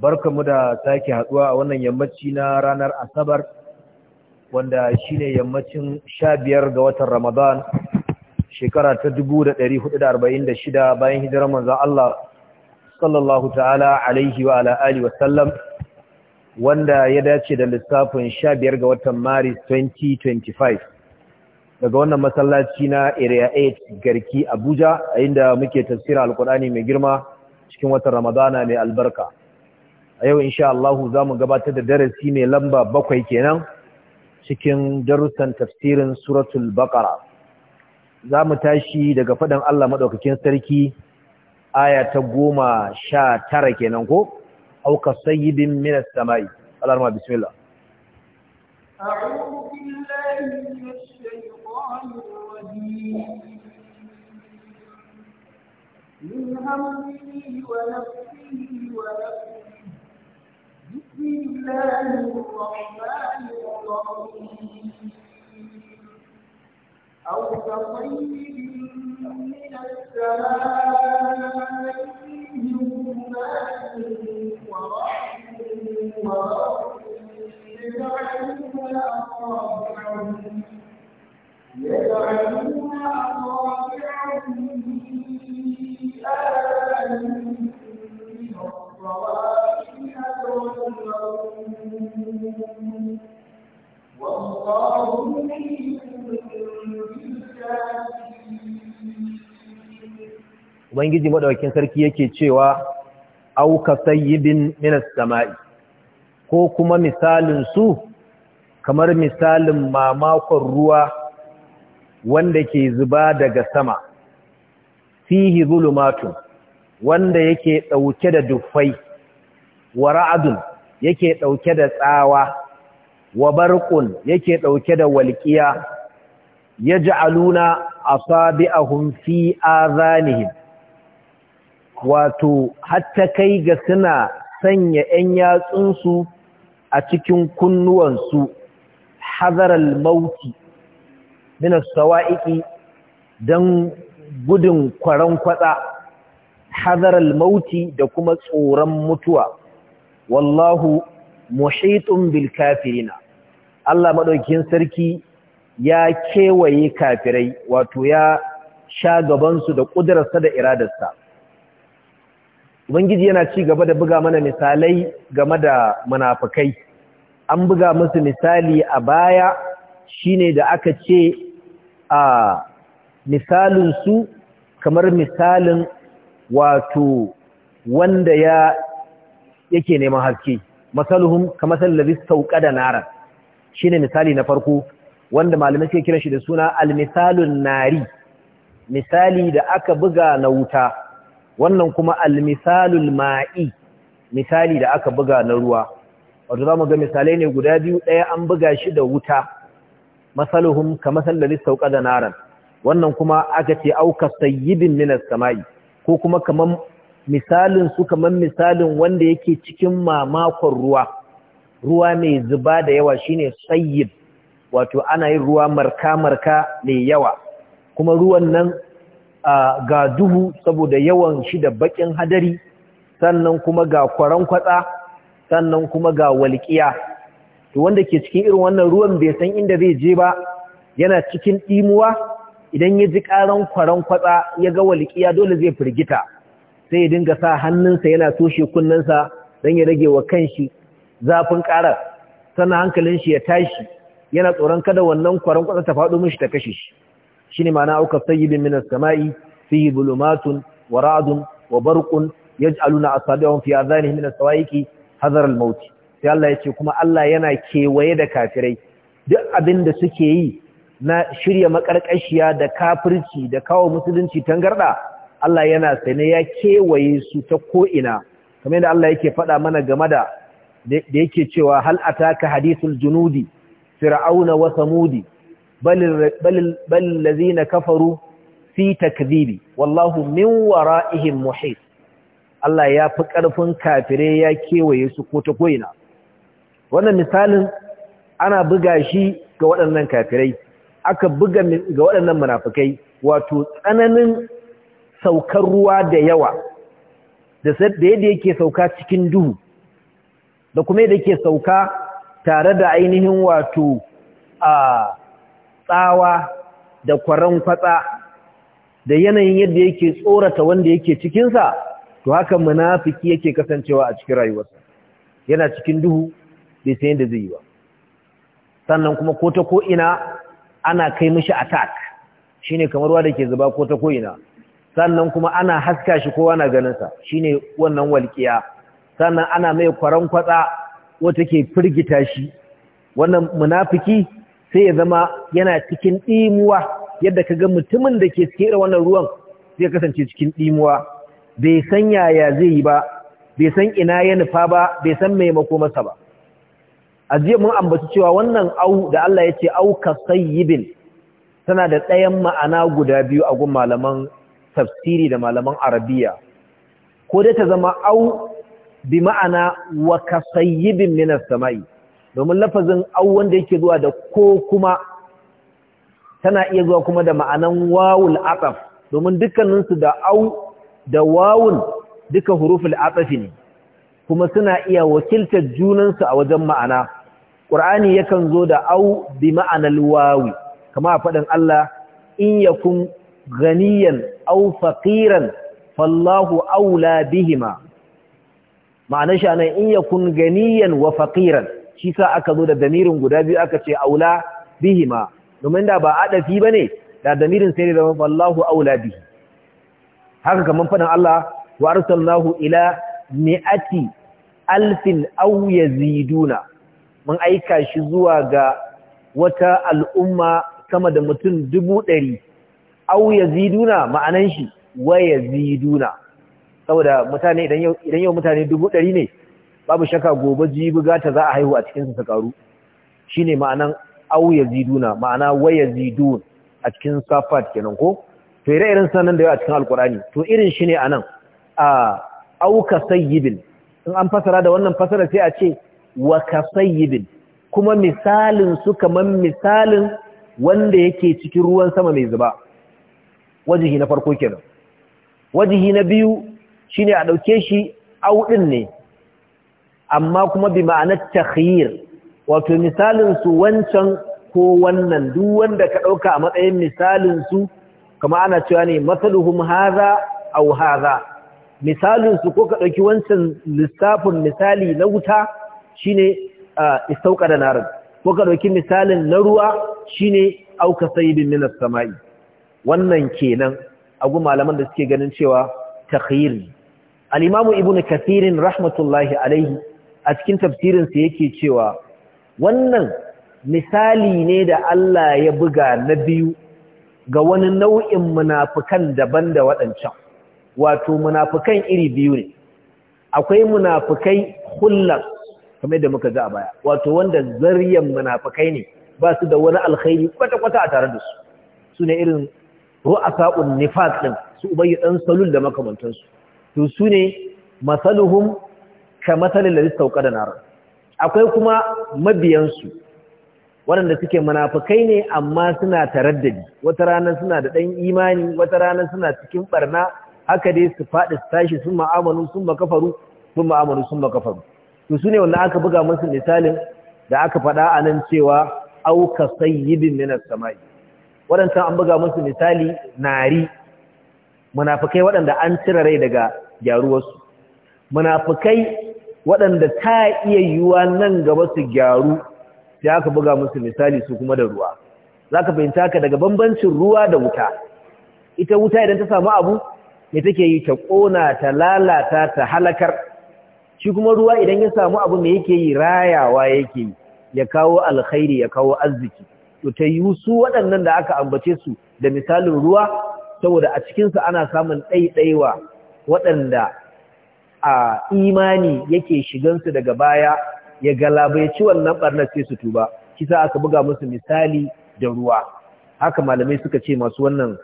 barkamu da sake haduwa a wannan yammaci na ranar asabar wanda shine yammacin 15 ga watan Ramadan shekara ta 1446 bayan hijirar manzon Allah sallallahu ta'ala alaihi wa ala alihi wa sallam wanda ya dace da lissafin 15 ga watan Maris 2025 daga wannan masallaci na Area 8 Garki Abuja inda muke tafsirar Alkur'ani mai girma cikin watan Ramadana mai albarka a yau insha Allah za mu gabatar da darasi mai lamba bakwai kenan cikin darussan tafsirin suratul baqara za mu tashi daga faɗan Allah maɗaukakin sarki aya ta goma sha tara kenan ko auka sayyidin minas samai alarma bismillah من همه ونفسه ونفسه بسم الله الرحمن الرحيم أو كطيب من السماء فيه ظلمات ورعد ورعد يجعلون ubangiji maɗaukin sarki yake cewa auka ka sayyibin minas sama'i ko kuma misalin su kamar misalin mamakon ruwa wanda ke zuba daga sama fihi zulumatun wanda yake ɗauke da dufai wa ra'adun yake ɗauke da tsawa wa barqun yake ɗauke da walƙiya, walqiya yaj'aluna asabi'ahum fi azanihim wato hatta kai ga suna sanya 'yan yatsunsu a cikin kunnuwansu hazaral mauti mina sawa'iki don gudun kwaran kwatsa hazaral mauti da kuma tsoron mutuwa wallahu muhitun bil kafirina Allah maɗaukin sarki ya kewaye kafirai wato ya sha gabansu da ƙudurarsa da iradarsa ubangiji yana ci gaba da buga mana misalai game da munafukai an buga musu misali a baya shine da aka ce a misalin su kamar misalin wato wanda ya yake neman haske masaluhum kamar sallabi sauka da nara shine misali na farko wanda malamai suke kiran shi da suna al-misalun nari misali da aka buga na wuta wannan kuma almisalul ma'i misali da aka buga na ruwa wato zamu ga misalai ne guda biyu ɗaya an buga shi da wuta masaluhum ka masallalin sauka da naran wannan kuma aka ce auka sayyibin minas sama'i ko kuma kaman misalin su kaman misalin wanda yake cikin mamakon ruwa ruwa mai zuba da yawa shine sayyib wato ana yin ruwa marka-marka mai yawa kuma ruwan nan ga duhu saboda yawan shi da bakin hadari sannan kuma ga kwaran kwatsa sannan kuma ga walƙiya to wanda ke cikin irin wannan ruwan bai san inda zai je ba yana cikin ɗimuwa idan ya ji ƙaran kwaran kwatsa ya ga walƙiya dole zai firgita sai ya dinga sa hannunsa yana toshe sa don ya rage wa kanshi zafin ƙara sannan hankalin shi ya tashi yana tsoron kada wannan kwaran kwatsa ta faɗo mishi ta kashe shi shine ma'ana auka sayyibin minas sama'i fihi zulumatun wa ra'dun wa barqun yaj'aluna asabi'ahum fi adhanihim min as-sawa'iqi hadar al mauti sai Allah yace kuma Allah yana kewaye da kafirai duk abin da suke yi na shirya makarƙashiya da kafirci da kawo musulunci tangarɗa Allah yana sane ya kewaye su ta ko'ina. Kama kamar yadda Allah yake faɗa mana game da da yake cewa hal ataka hadithul junudi fir'auna wa samudi balil lazina kafaru fi takzibi wallahu min wara'ihim muhit Allah ya fi ƙarfin kafire ya kewaye su ko ta koina wannan misalin ana buga shi ga waɗannan kafirai aka buga ga waɗannan munafikai wato tsananin saukar ruwa da yawa da yadda yake sauka cikin duhu da kuma yadda yake sauka tare da ainihin wato a tsawa da kwaran kwatsa da yanayin yadda yake tsorata wanda yake cikinsa to haka munafiki yake kasancewa a cikin rayuwarsa yana cikin duhu bai san yadda zai yi ba sannan kuma ko ta ko ina ana kai mishi attack shine kamar wanda ke zuba ko ta ko ina sannan kuma ana haska shi kowa na ganin sa shine wannan walƙiya sannan ana mai kwaran kwatsa wanda ke firgita shi wannan munafiki sai ya zama yana cikin ɗimuwa yadda ka ga mutumin da ke cikin irin wannan ruwan zai kasance cikin ɗimuwa bai san yaya zai yi ba bai san ina ya nufa ba bai san mai mako masa ba a jiya mun ambaci cewa wannan au da Allah ya ce au ka sayyibin tana da ɗayan ma'ana guda biyu a gun malaman tafsiri da malaman arabiya ko dai ta zama au bi ma'ana wa ka sayyibin minas sama'i domin lafazin au wanda yake zuwa da ko kuma tana iya zuwa kuma da ma'anan wawul atsaf domin dukkaninsu da au da wawun duka huruful atafi ne kuma suna iya wakiltar junansu a wajen ma'ana Qur'ani yakan zo da au bi ma'anal wawi kama a faɗin Allah in yakun ganiyan au faqiran fallahu aula bihima ma'anar shi anan in yakun ganiyan wa faqiran shi sa aka zo da damirin guda biyu aka ce aula bihima domin da ba ba ne, da damirin sai da wallahu aula bihi haka kamar faɗin Allah wa arsalnahu ila mi'ati alfin aw yaziduna mun aika shi zuwa ga wata al'umma sama da mutum dubu ɗari aw yaziduna ma'anan shi wa yaziduna saboda mutane idan yau mutane dubu ɗari ne babu shaka gobe jibi gata za a haihu a cikin su karu shine ma'anan au yaziduna ma'ana wa yazidun a cikin safat kenan ko to ire irin sanan da yau a cikin alqur'ani to irin shine anan a au ka sayyibin in an fasara da wannan fasara sai a ce wa ka sayyibin kuma misalin su kaman misalin wanda yake cikin ruwan sama mai zuba wajihi na farko kenan wajihi na biyu shine a dauke shi au din ne amma kuma bi ma'anar takhyir wato misalinsu wancan ko wannan duk wanda ka ɗauka a matsayin misalinsu. kama ana cewa ne masaluhum hadha au hadha Misalinsu ko ka ɗauki wancan lissafin misali na wuta shine istauka da narin ko ka ɗauki misalin na ruwa shine auka sayyidin minas sama'i wannan kenan agu malaman da suke ganin cewa takhyir al-imamu ibnu kathirin rahmatullahi alaihi a cikin tafsirinsa yake cewa wannan misali ne da Allah ya buga na biyu ga wani nau'in munafukan daban da waɗancan wato munafukan iri biyu ne akwai munafukai hullas kamar da muka ga a baya wato wanda zaryan munafukai ne ba su da wani alkhairi kwata-kwata a tare da su su ne irin ru'asa'un nifaq ɗin, su ubayyu ɗan salul da makamantansu to su ne masaluhum kamatalin da zai sauka da nara akwai kuma mabiyansu waɗanda suke munafukai ne amma suna taraddadi wata rana suna da ɗan imani wata rana suna cikin ɓarna, haka dai su faɗi su tashi sun ma'amalu, sun kafaru sun ma'amalu, sun kafaru to su ne wanda aka buga musu misalin da aka faɗa a nan cewa auka sayyibin minas sama'i waɗancan an buga musu misali nari munafukai waɗanda an cire rai daga gyaruwarsu munafukai waɗanda ta iya yiwuwa nan gaba su gyaru sai aka buga musu misali su kuma da ruwa za ka fahimta ka daga bambancin ruwa da wuta ita wuta idan ta samu abu me take yi ta ƙona ta lalata ta halakar shi kuma ruwa idan ya samu abu me yake yi rayawa yake yi ya kawo alkhairi ya kawo arziki to ta yi su waɗannan da aka ambace su da misalin ruwa saboda a cikinsu ana samun ɗaiɗaiwa waɗanda a imani yake shigansu daga baya ya galabaici wannan barnar sai su tuba kisa aka buga musu misali da ruwa haka malamai suka ce masu wannan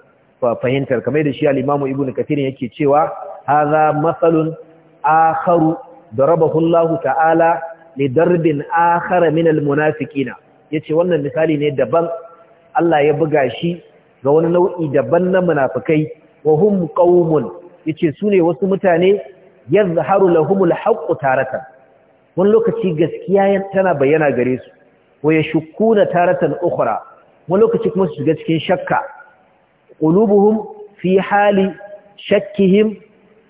fahimtar kamar da shi al imamu Ibn Kathir yake cewa hadha masalun akharu darabahu Allah ta'ala li darbin mina min al-munafiqina yace wannan misali ne daban Allah ya buga shi ga wani nau'i daban na munafikai wa hum qaumun yace ne wasu mutane yazharu lahumul haqqu taratan wani lokaci gaskiya tana bayyana gare su wa yashkuna taratan ukhra wani lokaci kuma su shiga cikin shakka qulubuhum fi hali shakkihim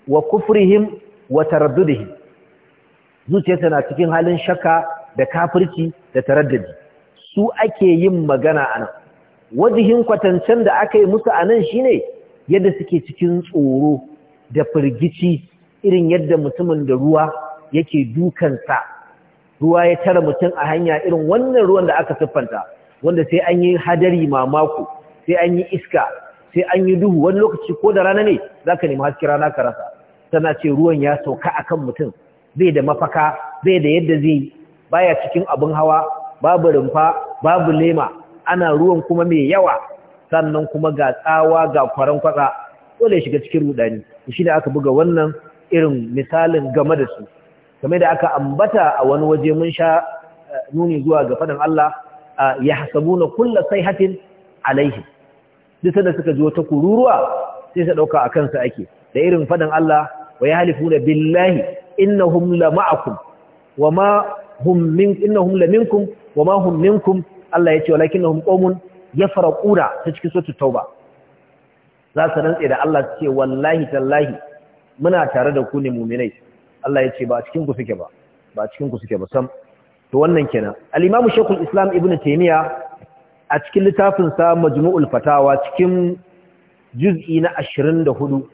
wa kufrihim wa taraddudihim zuciya tana cikin halin shakka da kafirci da taraddudi su ake yin magana anan wajihin kwatancen da aka yi musu anan shine yadda suke cikin tsoro da firgici irin yadda mutumin da ruwa yake dukansa ruwa ya tara mutum a hanya irin wannan ruwan da aka siffanta wanda sai an yi hadari mamako sai an yi iska sai an yi duhu wani lokaci ko da rana ne za ka nemi haske rana ka rasa tana ce ruwan ya sauka a kan mutum Zai da mafaka zai da yadda zai baya cikin abin hawa babu rumfa babu lema ana ruwan kuma mai yawa sannan kuma ga tsawa ga kwaran kwatsa dole shiga cikin rudani shi ne aka buga wannan irin misalin game da su game da aka ambata a wani waje mun sha eh, nuni zuwa ga faɗin Allah ya hasabu na kulla saihatin alaihi duk sanda suka ji wata kururuwa sai su ɗauka a kansa ake da irin faɗin Allah wa ya halifu na billahi innahum la ma'akum wa ma hum min innahum la minkum wa ma hum minkum Allah ya ce walakinnahum qaumun yafraquna ta cikin suratul tauba za su rantse da Allah su ce wallahi tallahi muna tare da ku ne mu'minai Allah ya ce ba cikin ku suke ba ba cikin ku suke ba sam to wannan kenan al-imamu shaykhul islam ibnu taymiya a cikin littafin sa majmu'ul fatawa cikin juz'i na 24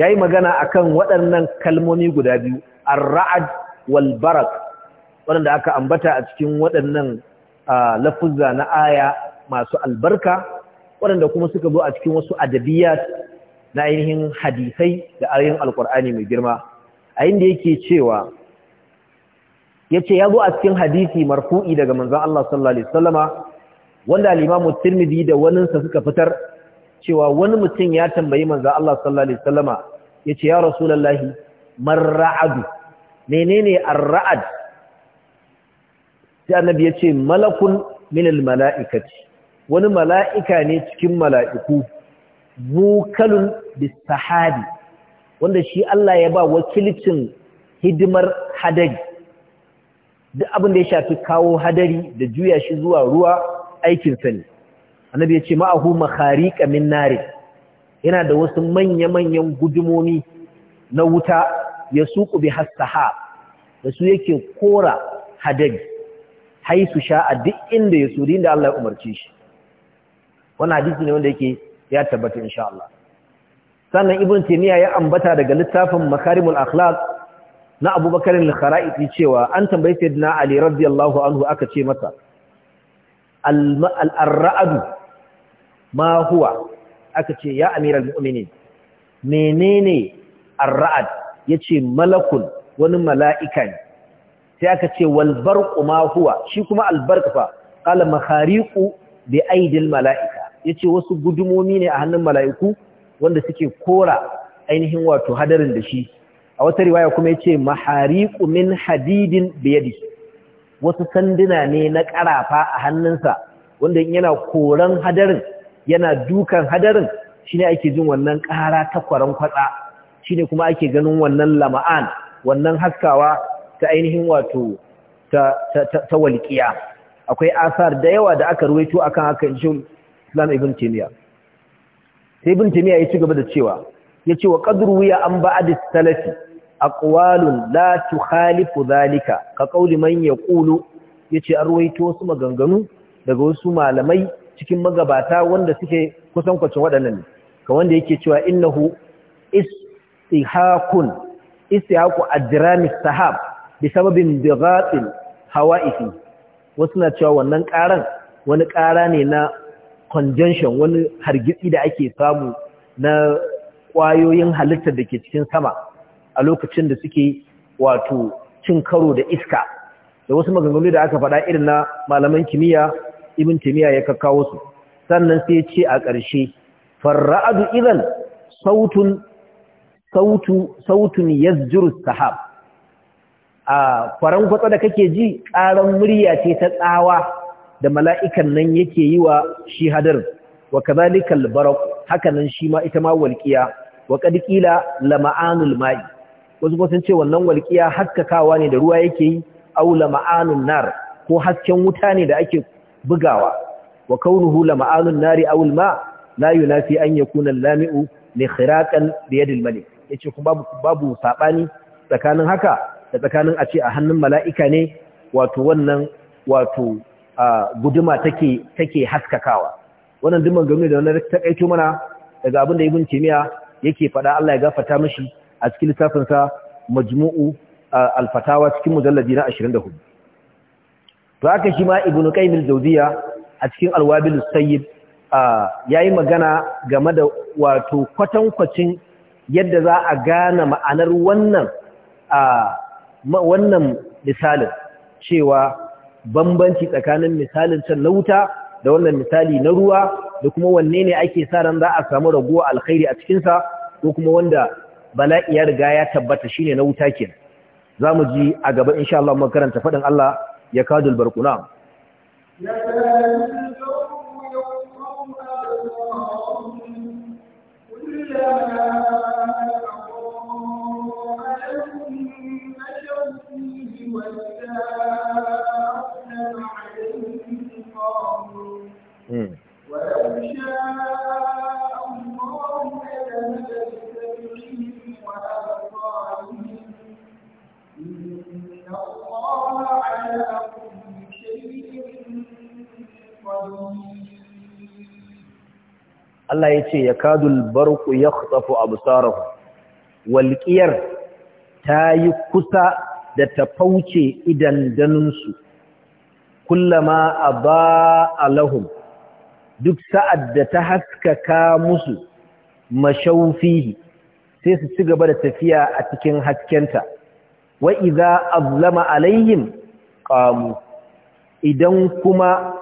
yayi magana akan waɗannan kalmomi guda biyu ar-ra'd wal barak waɗanda aka ambata a cikin waɗannan lafuzza na aya masu albarka waɗanda kuma suka zo a cikin wasu adabiyat na ainihin hadisai da ayoyin alkur'ani mai girma a inda yake cewa yace ya zo a cikin hadisi marfu'i daga manzan Allah sallallahu alaihi wasallama wanda al Tirmidhi da waninsa suka fitar cewa wani mutum ya tambayi manzan Allah sallallahu alaihi wasallama yace ya rasulullahi marra'ad menene ar-ra'ad yace malakun min al wani mala'ika ne cikin mala'iku mukalun bisahadi wanda shi Allah ya ba wakilcin hidimar hadari duk abin da ya shafi kawo hadari da juya shi zuwa ruwa aikin sani ne annabi ya ce ma'ahu makhariqa min nar yana da wasu manya-manyan gudumomi na wuta ya suku bi hassaha da su yake kora hadari haisu sha a duk inda ya suri inda Allah ya umarce shi wannan hadisi ne wanda yake ya tabbata insha Allah sannan ibn taymiya ya ambata daga littafin makarimul akhlaq na abubakar al-kharaiti cewa an tambayi sayyidina ali radiyallahu anhu aka ce masa al-ra'd ma huwa aka ce ya amiral mu'minin menene ar-ra'd yace malakun wani mala'ika ne sai aka ce wal barqu ma huwa shi kuma al barq fa qala makhariqu bi aidil mala'ika Ya ce wasu gudumomi ne a hannun mala'iku wanda suke kora ainihin wato hadarin da shi a wata riwaya kuma ya ce mahari min hadidin biyadi wasu sanduna ne na ƙarafa a hannunsa wanda yana koran hadarin yana dukan hadarin shi ne ake jin wannan ƙara ta kwaran kwatsa ne kuma ake ganin wannan lama'an wannan haskawa ta ainihin wato ta walƙiya akwai asar da yawa da aka ruwaito akan haka shi islam ibn Taymiyyah sai ibn Taymiyyah ya ci gaba da cewa yace wa qadru ya an ba'd salafi aqwalun la tukhalifu dhalika ka qawli man yaqulu yace an ruwaito wasu maganganu daga wasu malamai cikin magabata wanda suke kusan kwacin wadannan ka wanda yake cewa innahu istihakun istihaku ajramis sahab bi sababin bighatil hawaifi wasu na cewa wannan ƙaran wani ƙara ne na conjunction wani hargitsi da ake samu na ƙwayoyin halittar da ke cikin sama a lokacin da suke wato cin karo da iska da wasu maganganu da aka faɗa irin na malaman kimiyya ibn timiya ya kakkawo su sannan sai ce a ƙarshe farra'adu idan sautun sautu sautun yazjuru sahab a faran kwatsa da kake ji ƙaran murya ce ta tsawa da mala'ikan nan yake yi wa shi hadar wa kadhalika al-baraq haka nan shi ma ita ma walƙiya wa ƙadƙila lama'anul ma'i wasu ko sun ce wannan walqiya haskakawa ne da ruwa yake yi aw lama'anun nar ko hasken wuta ne da ake bugawa wa kaunuhu lama'anun nari aw ma la yunafi an yakuna lami'u ne khiraƙan da yadil Ya yace kuma babu babu tsakanin haka da tsakanin a ce a hannun mala'ika ne wato wannan wato guduma take take haskakawa wannan duk maganganu da wannan ta kaito mana daga abin da ibn timiya yake faɗa Allah ya gafarta mishi a cikin littafin sa majmu'u al-fatawa cikin mujalladi na 24 to haka shi ma ibn qayyim al-jawziya a cikin al-wabil sayyid yayi magana game da wato kwatankwacin yadda za a gane ma'anar wannan wannan misalin cewa bambanci tsakanin misalin can na wuta da wannan misali na ruwa da kuma wanne ne ake sa ran za a samu raguwa alkhairi a cikinsa ko kuma wanda bala'i ya riga ya tabbata shine na wuta kenan za mu ji a gaba insha Allah mun karanta faɗin Allah ya kadul barkuna. ya Allah ya ce ya kadul barku ya khutafu absarahu walqiyar ta yi kusa da ta fauce idan danunsu kullama abaa lahum duk sa'ad da ta haskaka musu mashaufihi sai su ci gaba da tafiya a cikin haskenta wa iza azlama alaihim kamu. idan kuma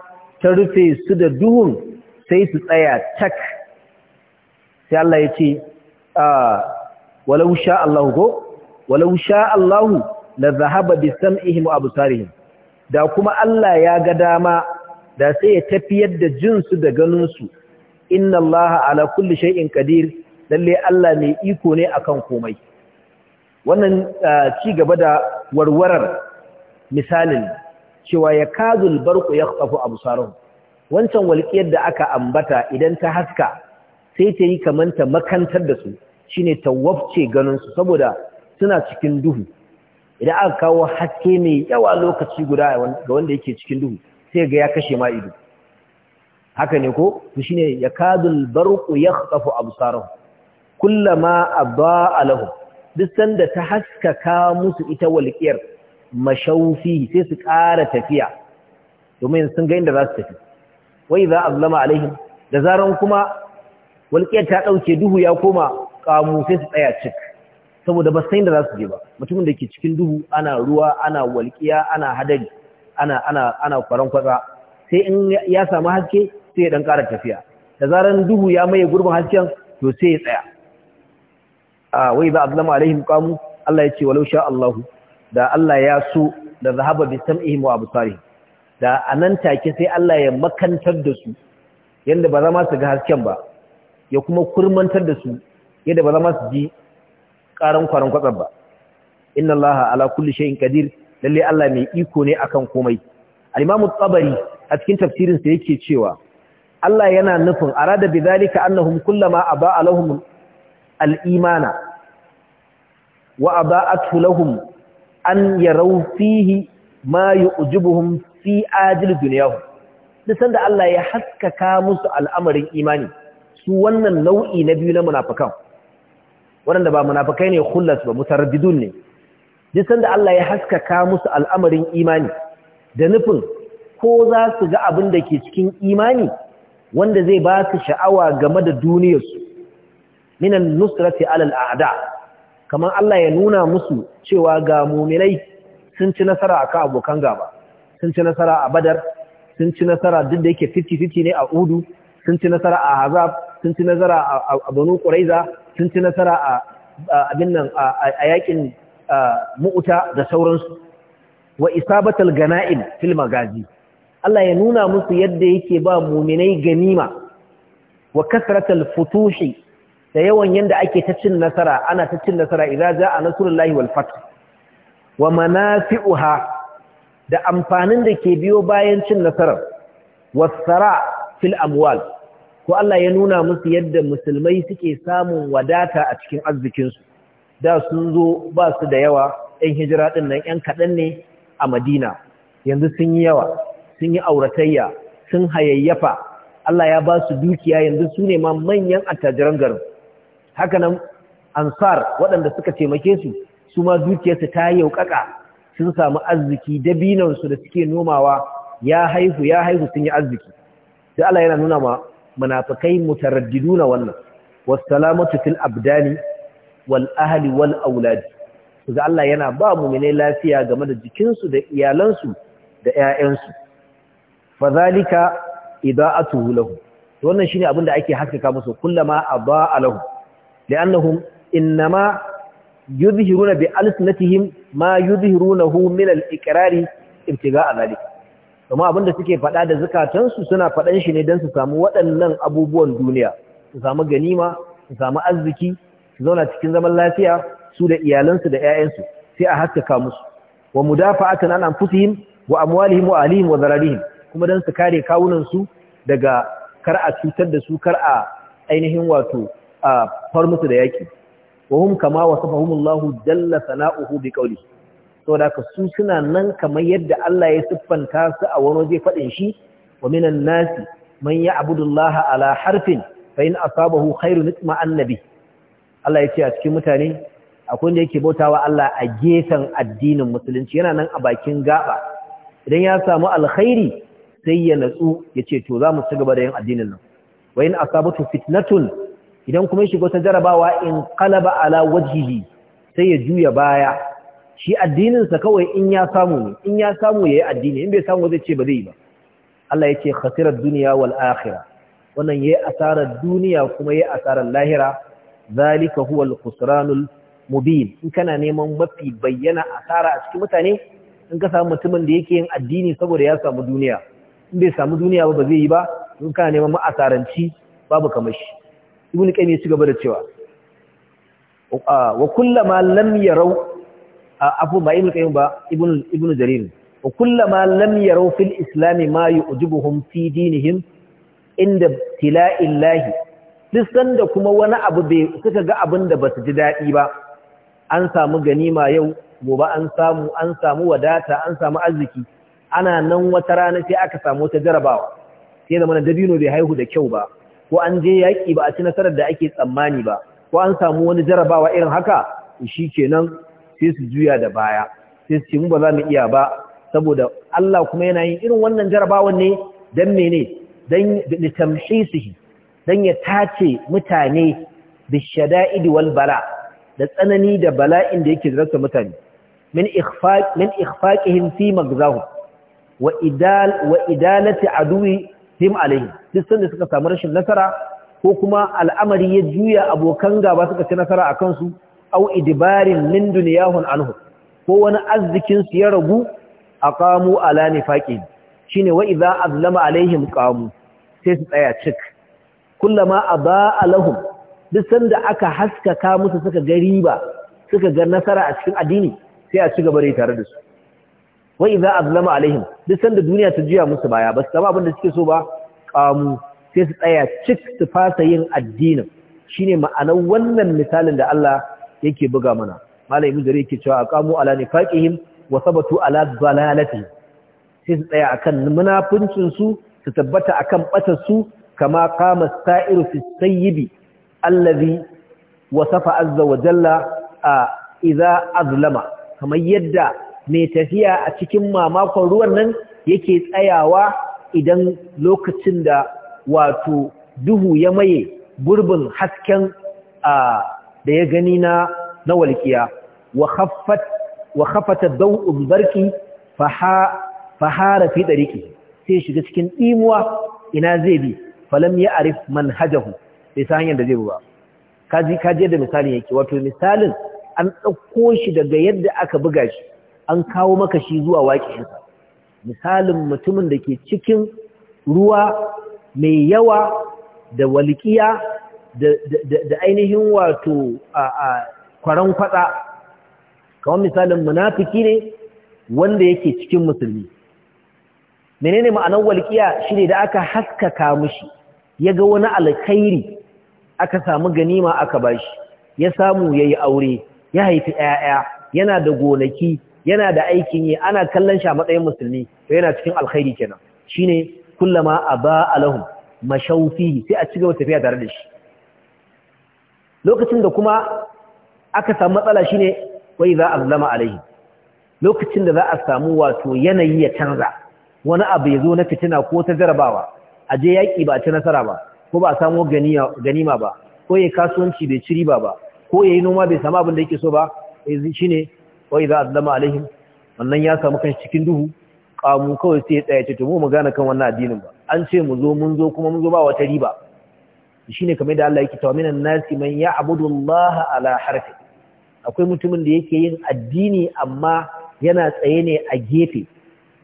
ta rufe su da duhun sai su tsaya tak sai Allah ya ce walau sha Allah ko walau sha Allah la zahaba bi sam'ihim wa absarihim da kuma Allah ya ga dama da sai ya tafiyar da jinsu da ganinsu inna Allah ala kulli shay'in qadir lalle Allah mai iko ne akan komai wannan ci gaba da warwarar misalin cewa ya kazul barku ya wancan walƙiyar da aka ambata idan ta haska sai ta yi kamar ta makantar da su shine ta wafce ganinsu saboda suna cikin duhu idan aka kawo haske mai yawa lokaci guda ga wanda yake cikin duhu sai ga ya kashe ma ido haka ne ko to shine yakadul barqu yakhtafu absarahum kullama Abba Alahu, duk sanda ta haska ka musu ita walƙiyar mashaufi sai su ƙara tafiya domin sun ga inda za su tafi wai za a a alaihim da zaran kuma walƙiyar ta ɗauke duhu ya koma ƙamu sai su tsaya cik saboda ba sai da za su je ba mutumin da ke cikin duhu ana ruwa ana walƙiya ana hadari ana ana ana kwaran kwatsa sai in ya samu haske sai ya dan ƙara tafiya da zaran duhu ya maye gurbin hasken to sai ya tsaya a wai zama a alaihim ƙamu? Allah ya ce walau sha Allahu. da Allah ya so da zahaba bi sam'ihim wa absarihim da a nan take sai Allah ya makantar da su yadda ba za ma su ga hasken ba ya kuma kurmantar da su yadda ba za ma su ji ƙaran kwaran kwatsar ba inna Allah ala kulli shay'in qadir lalle Allah mai iko ne akan komai al-imamu tsabari a cikin tafsirin sa yake cewa Allah yana nufin arada bi zalika annahum kullama aba alahum al-imana wa aba'athu lahum an yaraw fihi ma yu'jibuhum fi ajil duniyahu duk sanda Allah ya haskaka musu al'amarin imani su wannan nau'i na biyu na munafikan waɗanda ba munafikai ne khullas ba mutaraddidun ne duk sanda Allah ya haskaka musu al'amarin imani da nufin ko za su ga abin da ke cikin imani wanda zai ba su sha'awa game da duniyarsu minan nusrati alal a'da kamar Allah ya nuna musu cewa ga muminai sun ci nasara akan abokan gaba sun ci nasara a badar sun ci nasara duk da yake 50-50 ne a udu sun ci nasara a hazab sun ci nasara a banu ƙuraiza sun ci nasara a abin nan a yakin mu'uta da sauransu wa isabatal gana'im fil magazi Allah ya nuna musu yadda yake ba muminai ganima wa kasratal futuhi da yawan yanda ake ta cin nasara ana ta cin nasara idza jaa nasrullahi wal fath wa manafi'uha da amfanin da ke biyo bayan cin nasarar wasara fil amwal ko Allah ya nuna musu yadda musulmai suke samun wadata a cikin arzikinsu da sun zo ba su da yawa 'yan hijira ɗin nan 'yan kaɗan ne a madina yanzu sun yi yawa sun yi auratayya sun hayayyafa Allah ya ba su dukiya yanzu su ne ma manyan attajiran garin haka nan ansar waɗanda suka taimake su su ma dukiyarsu ta yauƙaƙa. sun samu arziki dabinansu da suke nomawa ya haihu ya haihu sun yi arziki sai Allah yana nuna ma munafikai mutaraddiduna wannan wassalamatu fil abdani wal ahli wal auladi. kaga Allah yana ba mu'mine lafiya game da jikinsu da iyalansu da ƴaƴansu fadhalika ida'atuhu lahu wannan shine abin da ake haskaka musu kullama aba'a lahu li'annahum innama yuzhiruna bi alsinatihim ma yuzhirunahu min al-iqrari ibtiga'a zalik kuma abinda suke faɗa da zakatansu suna faɗan shi ne don su samu waɗannan abubuwan duniya su samu ganima su samu arziki su zauna cikin zaman lafiya su da iyalansu da 'ya'yansu sai a haskaka musu wa mudafa'atan an anfusihim wa amwalihim wa alihim wa zararihim kuma don su kare kawunan su daga kar a cutar da su kar a ainihin wato a far musu da yaki wa hum kama wasafahum Allahu jalla sana'uhu saboda ka su suna nan kamar yadda Allah ya siffanta su a wani waje fadin shi wa minan nasi man ya'budu Allah ala harfin fa in asabahu khairun itma annabi Allah ya ce a cikin mutane akwai wanda yake bautawa Allah a gefen addinin musulunci yana nan a bakin gaba idan ya samu alkhairi sai ya natsu ya ce to za mu ci gaba da yin addinin nan wa in asabatu fitnatun idan kuma shiga wata jarabawa in qalaba ala wajhihi sai ya juya baya shi addininsa kawai in ya samu ne in ya samu yayi addini in bai samu zai ce ba zai ba Allah ce khasirat dunya wal akhirah wannan yayi asarar duniya kuma yayi asarar lahira zalika huwa al khusranul mubin in kana neman mafi bayyana asara a cikin mutane in ka samu mutumin da yake yin addini saboda ya samu duniya in bai samu duniya ba ba zai yi ba in kana neman ma'asaranci babu kamar shi ibn qayyim ya ci gaba da cewa wa kullama lam yarau afu ba ibn qayyim ba ibn ibn jarir wa kullama lam yarau fil islam ma yu'jibuhum fi dinihim inda tila'illahi lissan da kuma wani abu bai suka ga abin da basu ji dadi ba an samu ganima yau gobe an samu an samu wadata an samu arziki ana nan wata rana sai aka samu ta jarabawa sai da mana dabino bai haihu da kyau ba ko an je yaƙi ba a ci nasarar da ake tsammani ba ko an samu wani jarabawa irin haka shi kenan sai su juya da baya sai su ce mu ba za mu iya ba saboda Allah kuma yana yin irin wannan jarabawan ne dan mene dan litamhisihi dan ya tace mutane bishada'id wal bala da tsanani da bala'in da yake zarta mutane min ikhfaq min fi magzahu wa idal wa idalati aduwi him duk sanda suka samu rashin nasara ko kuma al'amari ya juya abokan gaba suka ci nasara a kansu au idbarin min dunyahun anhu ko wani arzikin su ya ragu aqamu ala nifaqi shine wa idza azlama alaihim qamu sai su tsaya cik kullama a lahum duk sanda aka haskaka musu suka ga riba suka ga nasara a cikin addini sai a ci gaba da tare da su wa idza azlama alaihim duk sanda duniya ta juya musu baya ba su samu abin da suke so ba kamu sai su tsaya cik su fasa yin addinin shine ma'anar wannan misalin da Allah yake buga mana malami dare yake cewa aqamu ala nifaqihim wa sabatu ala dalalatihim sai su tsaya akan munafincin su su tabbata akan batar su kama qama sa'iru fi sayyibi allazi wasafa azza wa jalla idza azlama kamar yadda mai tafiya a cikin mamakon ruwan nan yake tsayawa idan lokacin da wato duhu ya maye gurbin hasken da ya gani na na walƙiya wa khafata dau'un barki fahara fi ɗariki sai shiga cikin ɗimuwa ina zai bi falam ya arif manhajahu bai ta hanyar da zai ba kaji kaji yadda misalin yake wato misalin an ɗauko shi daga yadda aka buga shi an kawo maka shi zuwa waƙinsa misalin mutumin da ke cikin ruwa mai yawa da walƙiya da ainihin wato a kwaran kwatsa Kamar misalin munafiki ne wanda yake cikin musulmi menene ma'anar walƙiya shine da aka haskaka mushi ya ga wani alkhairi aka samu ganima aka bashi ya samu yayi aure ya haifi 'ya'ya yana da gonaki yana da aikin yi ana kallon shi a matsayin musulmi to yana cikin alkhairi kenan shine kullama aba alahum mashawfihi sai a cigaba tafiya tare da shi lokacin da kuma aka samu matsala shine wai za azlama alaihi lokacin da za a samu wato yanayi ya canza wani abu ya zo na fitina ko ta jarabawa a je yaƙi ba a ci nasara ba ko ba a samu ganima ba ko ya kasuwanci bai ci riba ba ko ya yi noma bai samu abin da yake so ba eh, shine wai za a zama alaihim wannan ya samu kan cikin duhu kamu kawai sai ya tsaya ce to mu gane kan wannan addinin ba an ce mu zo mun zo kuma mun zo ba wata riba shine kamar da Allah yake tawa minan nasi man ya'budu Allah ala harfi akwai mutumin da yake yin addini amma yana tsaye ne a gefe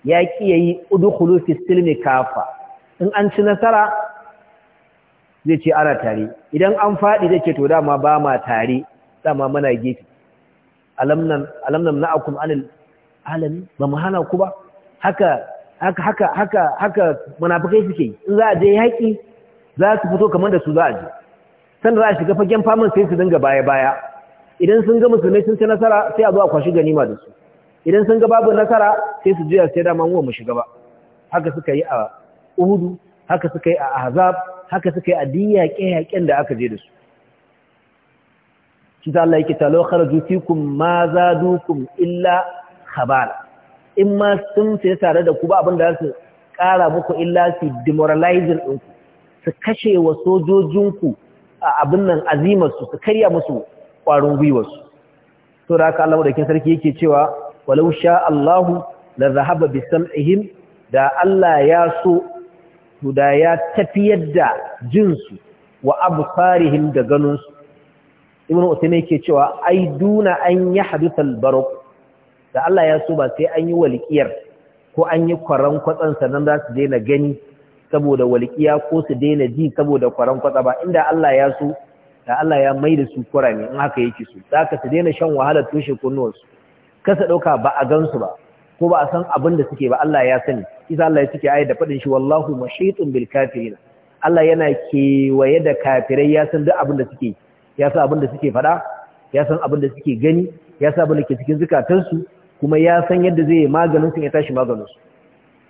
ya ki yayi udkhulu fi silmi kafa in an ci nasara zai ce ana tare idan an faɗi zai ce to dama ba ma tare dama muna gefe alamnan na'akum anil alami ba mu hana ku ba haka haka haka haka haka munafikai suke yi in za a je yaƙi za su fito kamar da su za a je san za a shiga fagen faman sai su dinga baya baya idan sun ga musulmai sun ci nasara sai a zo a kwashi ganima da su idan sun ga babu nasara sai su juya sai dama mu shiga ba haka suka yi a Uhudu haka suka yi a Ahzab haka suka yi a diyyaƙe-yaƙen da aka je da su shi ta Allah yake talo kharaju fikum ma zadukum illa khabala in ma sun sai tare da ku ba abin da za su kara muku illa su demoralizing din ku su kashe wa sojojinku a abin nan azimar su su karya musu kwarin gwiwar su to da haka Allah madaukin sarki yake cewa walau sha Allahu la zahaba bi sam'ihim da Allah ya so to da ya tafiyar da jinsu wa absarihim da ganin su ibn usaymi yake cewa ai duna an yahdutha al-barq da Allah ya so ba sai an yi walƙiyar ko an yi kwaran kwatsan sannan za su daina gani saboda walƙiya ko su daina ji saboda kwaran kwatsa ba inda Allah ya so da Allah ya mai da su kurame in haka yake so za ka su daina shan wahalar toshe kunnuwarsu kasa ɗauka ba a gansu ba ko ba a san abin da suke ba Allah ya sani isa Allah ya suke ayat da faɗin shi wallahu mushitun bil kafirin Allah yana kewaye da kafirai ya san duk abin da suke yi ya san abin da suke faɗa ya san abin da suke gani ya san abin da ke cikin zukatansu kuma ya san yadda zai maganin su ya tashi maganin su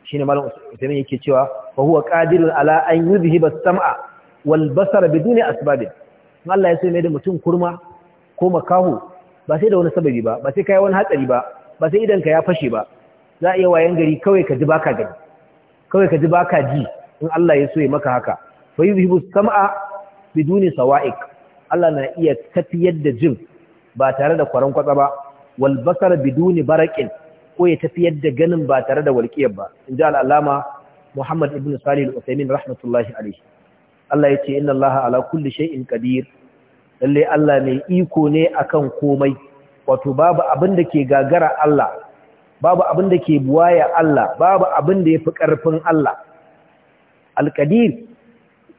shine malam Usaimin yake cewa fa huwa qadirun ala an yuzhiba as-sam'a wal basara biduni asbab Allah ya sai mai da mutum kurma ko makaho ba sai da wani sababi ba ba sai kai wani hatsari ba ba sai idan ka ya fashe ba za a iya wayan gari kawai ka ji baka gani kawai ka ji baka ji in Allah ya so ya maka haka fa yuzhibu as-sam'a biduni sawa'iq Allah na iya tafiyar da jin ba tare da kwaran kwatsa ba wal basar biduni baraƙin, ko ya tafiyar da ganin ba tare da walƙiyar ba inji al-allama Muhammad ibn Salih al-Uthaymeen rahmatullahi alayhi Allah yace inna Allah ala kulli shay'in Kadir, lalle Allah mai iko ne akan komai wato babu abin da ke gagara Allah babu abin da ke buwaya Allah babu abin da fi karfin Allah al-qadir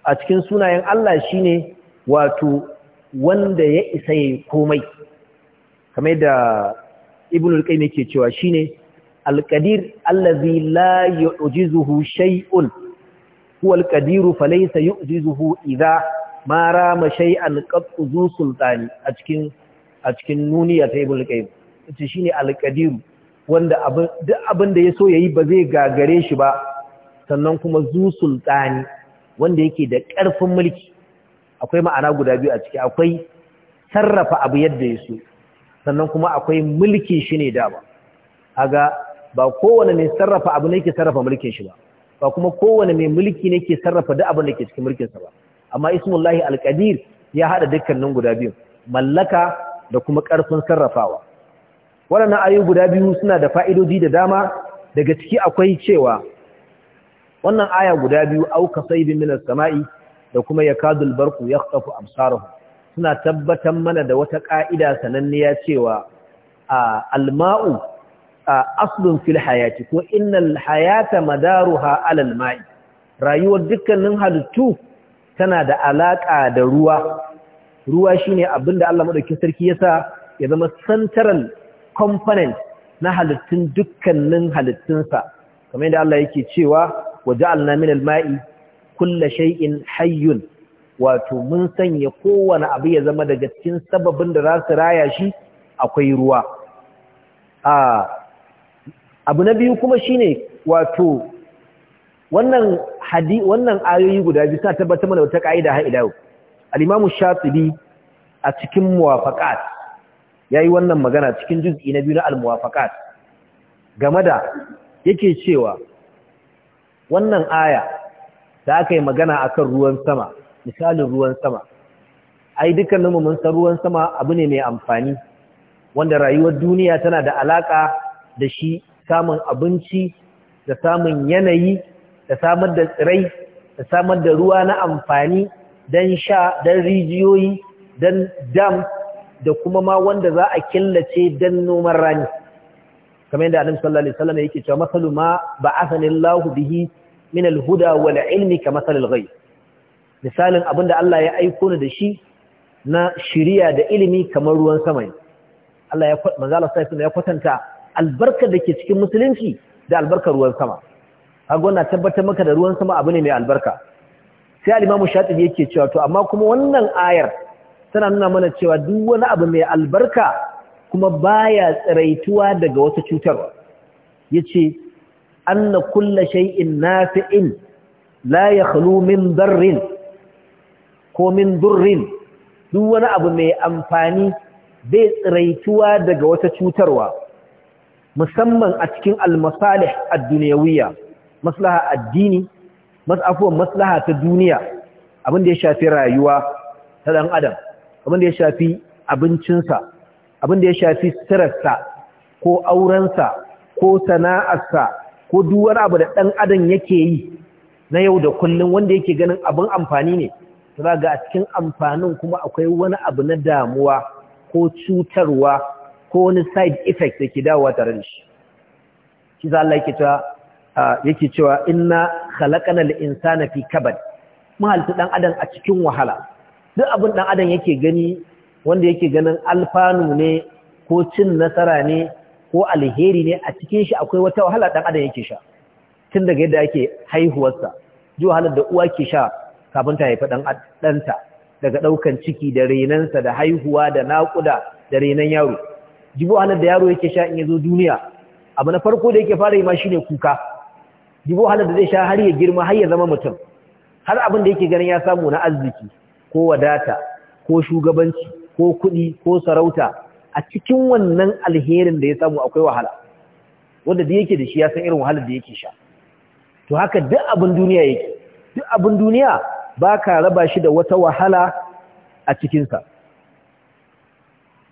a cikin sunayen Allah shine wato wanda ya isa komai kamar da ibn al-qayyim yake cewa shine al-qadir allazi la yu'jizuhu shay'un huwa al-qadir falaysa yu'jizuhu idha ma rama shay'an qattu zu sultani a cikin a cikin nuniya ta ibn al ita shine al-qadir wanda duk abin da yaso yayi ba zai gagare shi ba sannan kuma zu sultani wanda yake da ƙarfin mulki akwai ma'ana guda biyu a ciki akwai sarrafa abu yadda ya so sannan kuma akwai mulki shi ne dama aga ba kowane mai sarrafa abu ne ke sarrafa mulkin shi ba ba kuma kowane mai mulki ne ke sarrafa duk abin da ke cikin mulkinsa ba amma ismullahi alqadir ya hada dukkanin guda biyu mallaka da kuma ƙarfin sarrafawa waɗannan ayoyi guda biyu suna da fa'idodi da dama daga ciki akwai cewa wannan aya guda biyu auka saibin minas sama'i da kuma ya kadul barku kafu absarahu suna tabbatar mana da wata ƙa'ida sananniya cewa alma'u a fil hayati ko inna hayata madaruha ha alalma'i. rayuwar dukkanin halittu tana da alaƙa da ruwa ruwa shine abinda Allah madaukakin sarki sa ya zama central component na halittun dukkanin halittunsa kamar yadda Allah yake cewa waje minal alma'i. kulla shay'in hayyun wato mun sanya kowane abu ya zama daga cikin sababin da za su raya shi akwai ruwa a abu na biyu kuma shine wato wannan hadi wannan ayoyi guda biyu suna tabbatar mana wata kaida har ila al-imamu shatibi a cikin muwafaqat yayi wannan magana cikin juz'i na biyu na al-muwafaqat game da yake cewa wannan aya da aka yi magana akan ruwan sama misalin ruwan sama ai dukkan mu mun san ruwan sama abu ne mai amfani wanda rayuwar duniya tana da alaƙa da shi samun abinci da samun yanayi da samar da tsirai da samar da ruwa na amfani don sha don rijiyoyi don dam da kuma ma wanda za a killace don noman rani kamar yadda annabi sallallahu alaihi wasallam yake cewa masalu ma ba'athani Allahu bihi min al-huda wal ilmi ka masal al-ghayb misalin abinda Allah ya aiko ni da shi na shiriya da ilimi kamar ruwan sama ne Allah ya manzo Allah sai ya kwatanta albarkar da ke cikin musulunci da albarkar ruwan sama kaga wannan tabbatar maka da ruwan sama abu ne mai albarka sai al-Imam Shatibi yake cewa to amma kuma wannan ayar tana nuna mana cewa duk wani abu mai albarka kuma baya tsiraituwa daga wata cutarwa yace anna kulla shay'in nafi'in la yakhlu min darrin ko min durrin duk wani abu mai amfani bai tsiraituwa daga wata cutarwa musamman a cikin almasalih ad-dunyawiyya maslaha addini masafuwan maslaha ta duniya abin da ya shafi rayuwa ta dan adam abin da ya shafi abincinsa abin da ya shafi sirarsa ko aurensa ko sana'arsa ko duk abu da ɗan adam yake yi na yau da kullum wanda yake ganin abin amfani ne za ga cikin amfanin kuma akwai wani abu na damuwa ko cutarwa ko wani side effect da ke dawowa tare da shi shi za Allah yake cewa yake cewa inna khalaqana insana fi kabad mahalta ɗan adam a cikin wahala duk abin ɗan adam yake gani wanda yake ganin alfanu ne ko cin nasara ne ko alheri ne a cikin shi akwai wata wahala ɗan adam yake sha tun daga yadda ake haihuwarsa ji wahalar da uwa ke sha kafin ta haifi dan ɗanta daga ɗaukan ciki da renansa da haihuwa da naƙuda da renan yaro ji wahalar da yaro yake sha in ya zo duniya abu na farko da yake fara yi ma shine kuka ji wahalar da zai sha har ya girma har ya zama mutum har abin da yake ganin ya samu na arziki ko wadata ko shugabanci ko kuɗi ko sarauta a cikin wannan alherin da ya samu akwai wahala wanda da yake da shi ya san irin wahalar da yake sha to haka duk abin duniya yake duk abin duniya ba ka raba shi da wata wahala a cikinsa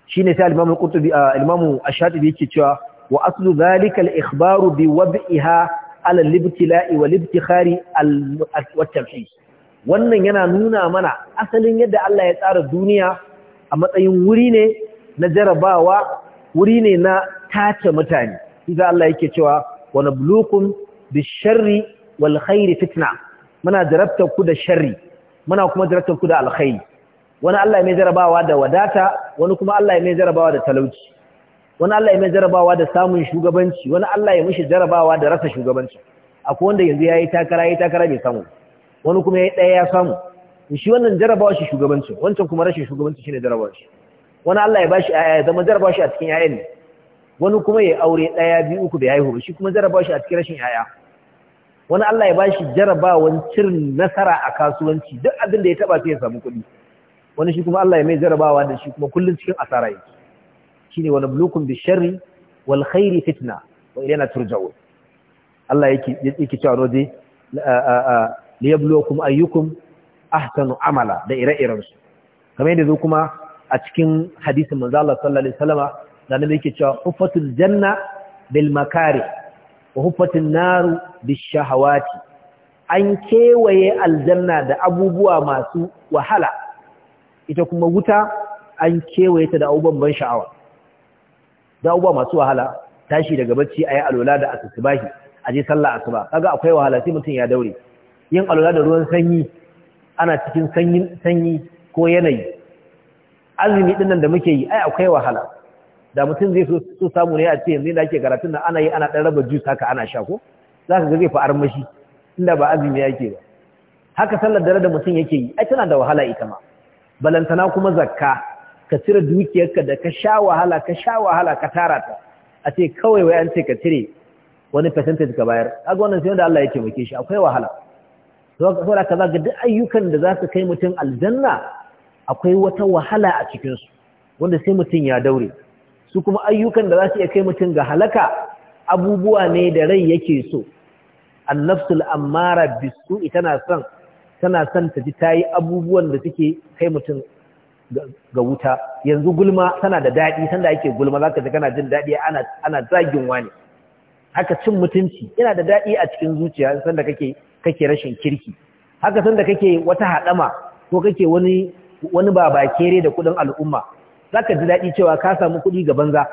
shi ne sai alimamun a alimamun ashadu da yake cewa wa aslu zalika ikhbaru bi wab'iha ala al-ibtila'i wal al-tafhis wannan yana nuna mana asalin yadda Allah ya tsara duniya a matsayin wuri ne na jarabawa wuri ne na tace mutane iza Allah yake cewa wa nablukum bisharri wal khairi fitna muna jarabtar ku da sharri muna kuma jarabtar ku da alkhairi wani Allah mai jarabawa da wadata wani kuma Allah mai jarabawa da talauci wani Allah ya mai jarabawa da samun shugabanci wani Allah ya mishi jarabawa da rasa shugabanci akwai wanda yanzu yayi takara yayi takara bai samu wani kuma yayi daya ya samu shi wannan jarabawa shi shugabanci wancan kuma rashin shugabanci shine jarabawa shi wani Allah ya bashi aya zama jarraba shi a cikin 'ya'ya ne wani kuma ya aure daya biyu uku bai haihu shi kuma jarraba shi a cikin rashin yaya wani Allah ya bashi jarrabawan cirin nasara a kasuwanci duk abin da ya taba sai ya samu kuɗi wani shi kuma Allah ya mai jarrabawa da shi kuma kullun cikin asara yake shine wani bulukum bi sharri wal khairi fitna wa ilayna turja'un Allah yake yake cewa rode liyabluwakum ayyukum ahsanu amala da ire-iren su kamar yadda zo kuma a cikin hadisi manzo Allah sallallahu alaihi wasallama da nabi yake cewa huffatul janna bil makari wa huffatun naru bis shahawati an kewaye aljanna da abubuwa masu wahala ita kuma wuta an kewaye ta da abubuwan ban sha'awa da abubuwa masu wahala tashi daga bacci ayi alola da asubahi aje sallah asuba kaga akwai wahala sai mutum ya daure yin alola da ruwan sanyi ana cikin sanyi sanyi ko yanayi azumi ɗinnan nan da muke yi ai akwai wahala da mutum zai so samu ne a ce yanzu da ake karatun nan ana yi ana ɗan raba juice haka ana sha ko ka ga zai fa armashi inda ba azumi yake ba haka sallar dare da mutum yake yi ai tana da wahala ita ma balantana kuma zakka ka cire dukiyarka da ka sha wahala ka sha wahala ka tara ta a ce kawai wai an ce ka cire wani percentage ka bayar kaga wannan sai wanda Allah ya taimake shi akwai wahala saboda kaza ga duk ayyukan da za su kai mutum aljanna akwai wata wahala a cikinsu wanda sai mutum ya daure su kuma ayyukan da za su iya kai mutum ga halaka abubuwa ne da rai yake so annafsul ammara bisu tana son tana son ta ji tayi abubuwan da suke kai mutum ga wuta yanzu gulma tana da daɗi sanda ake gulma zaka ji kana jin daɗi ana ana zagin wani haka cin mutunci yana da daɗi a cikin zuciya sanda kake kake rashin kirki haka sanda kake wata haɗama ko kake wani wani ba kere da kudin al'umma zaka ji daɗi cewa ka samu kudi ga banza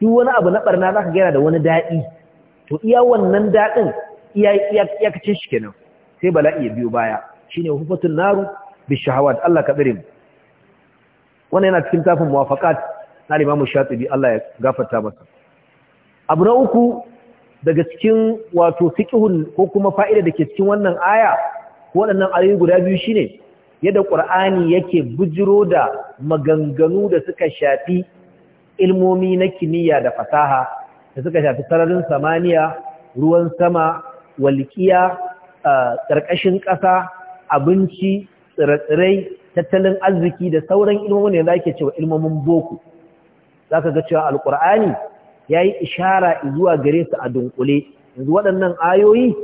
duk wani abu na barna zaka gaira da wani daɗi, to iya wannan dadin iya iya kace shi kenan sai bala'i ya biyo baya shine hufatun naru bishahawat Allah ka bari mu wannan yana cikin tafin muwafaqat na Imam Shatibi Allah ya gafarta masa abu na uku daga cikin wato fiqhun ko kuma fa'ida dake cikin wannan aya waɗannan ayoyi guda biyu shine yadda ƙur'ani yake bujiro da maganganu da suka shafi ilmomi na kimiyya da fasaha da suka shafi sararin samaniya ruwan sama walƙiya ƙarƙashin ƙasa abinci tsirrai tattalin arziki da sauran ilmomin da ake cewa ilmomin boko za ka ga cewa alƙur'ani ya yi ishara zuwa gare su a dunkule yanzu waɗannan ayoyi